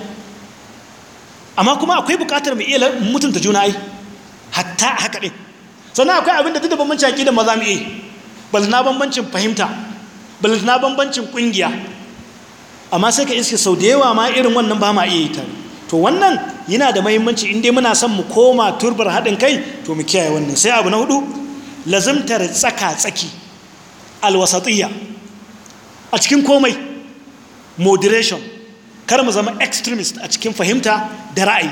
amma kuma akwai buƙatar mu iya mutunta juna ai hatta haka din sannan akwai abin da duk da bambancin akida ma za mu iya yi balna bambancin fahimta balna bambancin kungiya amma sai ka iske sau da yawa ma irin wannan ba ma iya yi tare to wannan yana da mahimmanci in dai muna son mu koma turbar haɗin kai to mu kiyaye wannan sai abu na hudu lazimtar tsaka-tsaki alwasatiyya a cikin komai moderation kar mu zama extremist a cikin fahimta da ra'ayi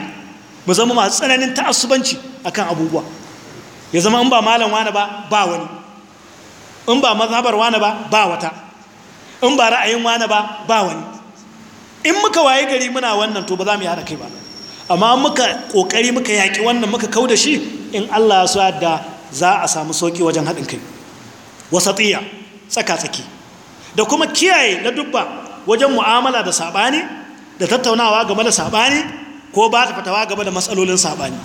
mu zama masu tsananin ta'assubanci akan abubuwa ya zama in ba malam wani ba ba wani in ba mazhabar wani ba ba wata in ba ra'ayin wani ba ba wani in muka waye gari muna wannan to ba za mu yi haɗa kai ba amma muka ƙoƙari muka yaƙi wannan muka kau da shi in allah su yadda za a samu sauƙi wajen haɗin kai wasatsiya tsaka-tsaki da kuma kiyaye na dubba wajen mu'amala da saɓani da tattaunawa game da saɓani ko ba ta fatawa game da matsalolin saɓani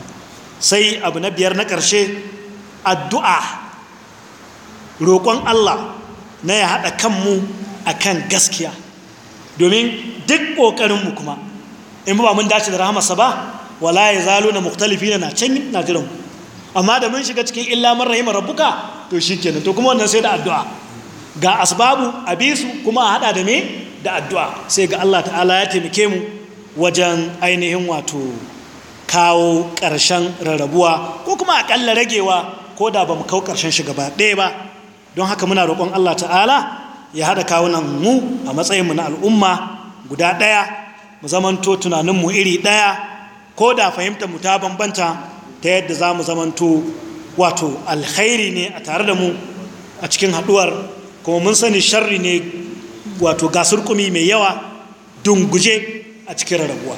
sai abu na biyar na ƙarshe addu'a roƙon Allah na ya haɗa kanmu a kan gaskiya domin duk ƙoƙarinmu kuma in ba mun dace da rahamarsa ba wala ya zalo na muktalifi na can na jiran amma da mun shiga cikin illa man rahimar rabbuka to shi kenan to kuma wannan sai da addu'a ga asbabu a bi su kuma a haɗa da me da addu'a sai ga Allah ta'ala ya taimake mu wajen ainihin wato kawo ƙarshen rarrabuwa ko kuma aƙalla ragewa ko da ba mu kawo ƙarshen shi gaba ɗaya ba don haka muna roƙon Allah ta'ala ya haɗa kawunan mu a matsayinmu na al'umma guda ɗaya mu zamanto tunaninmu iri ɗaya ko da fahimtar mu ta bambanta ta yadda za mu zamanto wato alkhairi ne a tare da mu a cikin haɗuwar kuma mun sani sharri ne wato gasar kumi mai yawa guje a cikin rarrabuwa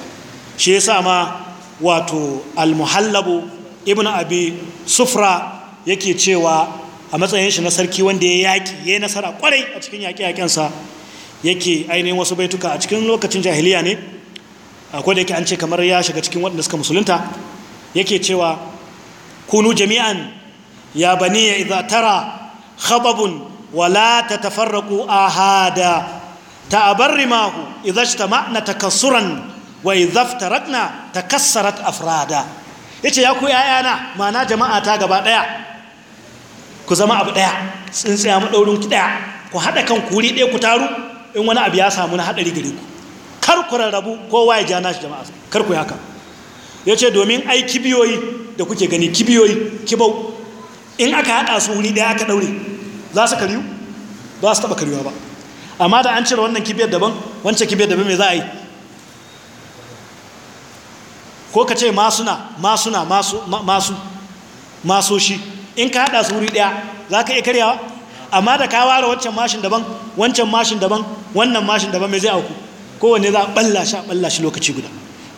shi ya sa ma wato almuhallabu ibn abi sufra yake cewa a matsayin shi na sarki wanda ya yaƙi ya yi nasara kwarai a cikin yaƙe-yaƙensa yake ainihin wasu baituka a cikin lokacin jahiliya ne akwai da yake an ce kamar ya shiga cikin waɗanda suka musulunta yake cewa kunu jami'an ya bani ya iza tara khababun wala tatafarraqu ahada ta'abarrimahu ma'ana ta kasuran wa idza iftaraqna takassarat afrada yace ya ku yayana ma'ana jama'a ta gaba ɗaya. ku zama abu ɗaya tsintsiya maɗaurin ku ɗaya ku haɗa kan kuri wuri ɗaya ku taru in wani abu ya samu na haɗari gare ku kar ku rarrabu kowa ya ja nashi jama'a kar ku haka ya ce domin ai kibiyoyi da kuke gani kibiyoyi kibau in aka haɗa su wuri daya aka ɗaure za su kariyu ba su taɓa kariyuwa ba amma da an cire wannan kibiyar daban wancan kibiyar daban mai za a yi ko ka ce masu na masu masu masu shi in ka haɗa su wuri ɗaya za ka iya karyawa amma da ka ware wancan mashin daban wancan mashin daban wannan mashin daban mai zai auku wanne za a ɓalla shi a ɓalla lokaci guda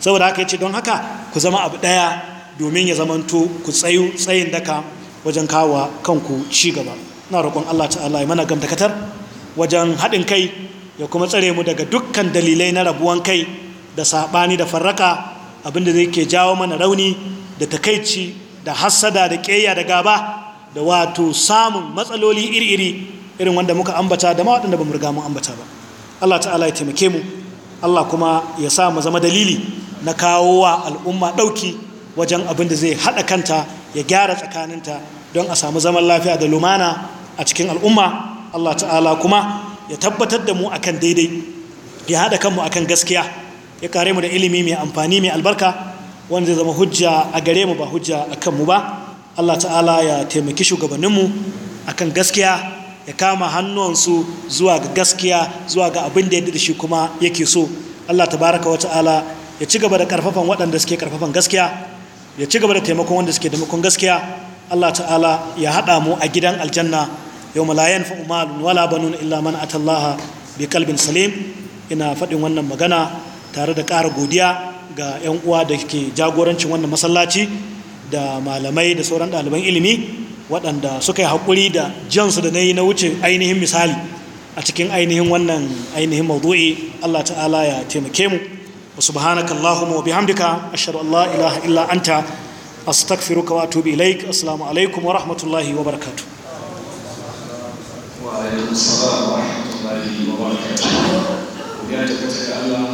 saboda haka ya ce don haka ku zama abu ɗaya domin ya zamanto ku tsayu tsayin daka wajen kawo kanku ci gaba na roƙon Allah ta'ala ya mana gamtakatar wajen haɗin kai ya kuma tsare mu daga dukkan dalilai na rabuwan kai da saɓani da farraka abinda zai ke jawo mana rauni da takaici da hassada da ƙeya da gaba da wato samun matsaloli iri-iri irin wanda muka ambata da ma waɗanda ba mu riga mun ambata ba Allah ta'ala ya taimake mu Allah kuma ya sa mu zama dalili na kawo wa al'umma ɗauki wajen abin da zai haɗa kanta ya gyara tsakaninta don a samu zaman lafiya da lumana a cikin al'umma Allah ta'ala kuma ya tabbatar da mu akan daidai ya haɗa kanmu akan gaskiya ya kare mu da ilimi mai amfani mai albarka wanda zai zama hujja a gare mu ba hujja a kanmu ba Allah ta'ala ya taimaki shugabanninmu a kan gaskiya ya kama hannuwansu zuwa ga gaskiya zuwa ga abin da ya da shi kuma yake so Allah baraka wa ta'ala ya ci gaba da karfafan waɗanda suke karfafan gaskiya ya ci gaba da taimakon wanda suke taimakon gaskiya Allah ta'ala ya haɗa mu a gidan aljanna yau malayan fa'umalun wala banun illa man atallaha bi kalbin salim ina faɗin wannan magana tare da ƙara godiya ga 'yan uwa da ke jagorancin wannan masallaci da malamai da sauran ɗaliban ilimi waɗanda suka yi haƙuri da jansu da na yi na wuce ainihin misali a cikin ainihin wannan ainihin maudu'i Allah ta'ala ya taimake mu wa subhanaka Allahumma wa bihamdika ashhadu an la ilaha illa anta astaghfiruka wa atubu ilaik assalamu alaikum wa rahmatullahi wa barakatuh wa alaikum assalam wa rahmatullahi wa barakatuh ya tabbata Allah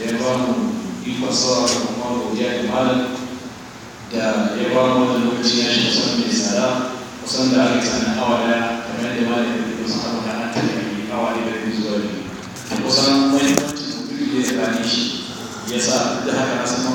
ya ba mu ikon sa da kuma godiya da malam da ya ba mu da lokaci ya shi kusan mai tsada kusan da aka tsana awa da kamar da malam da kusan abu da an tafi mai awa da da zuwa ne kusan wani mutum da ya gane shi ya sa da haka na sama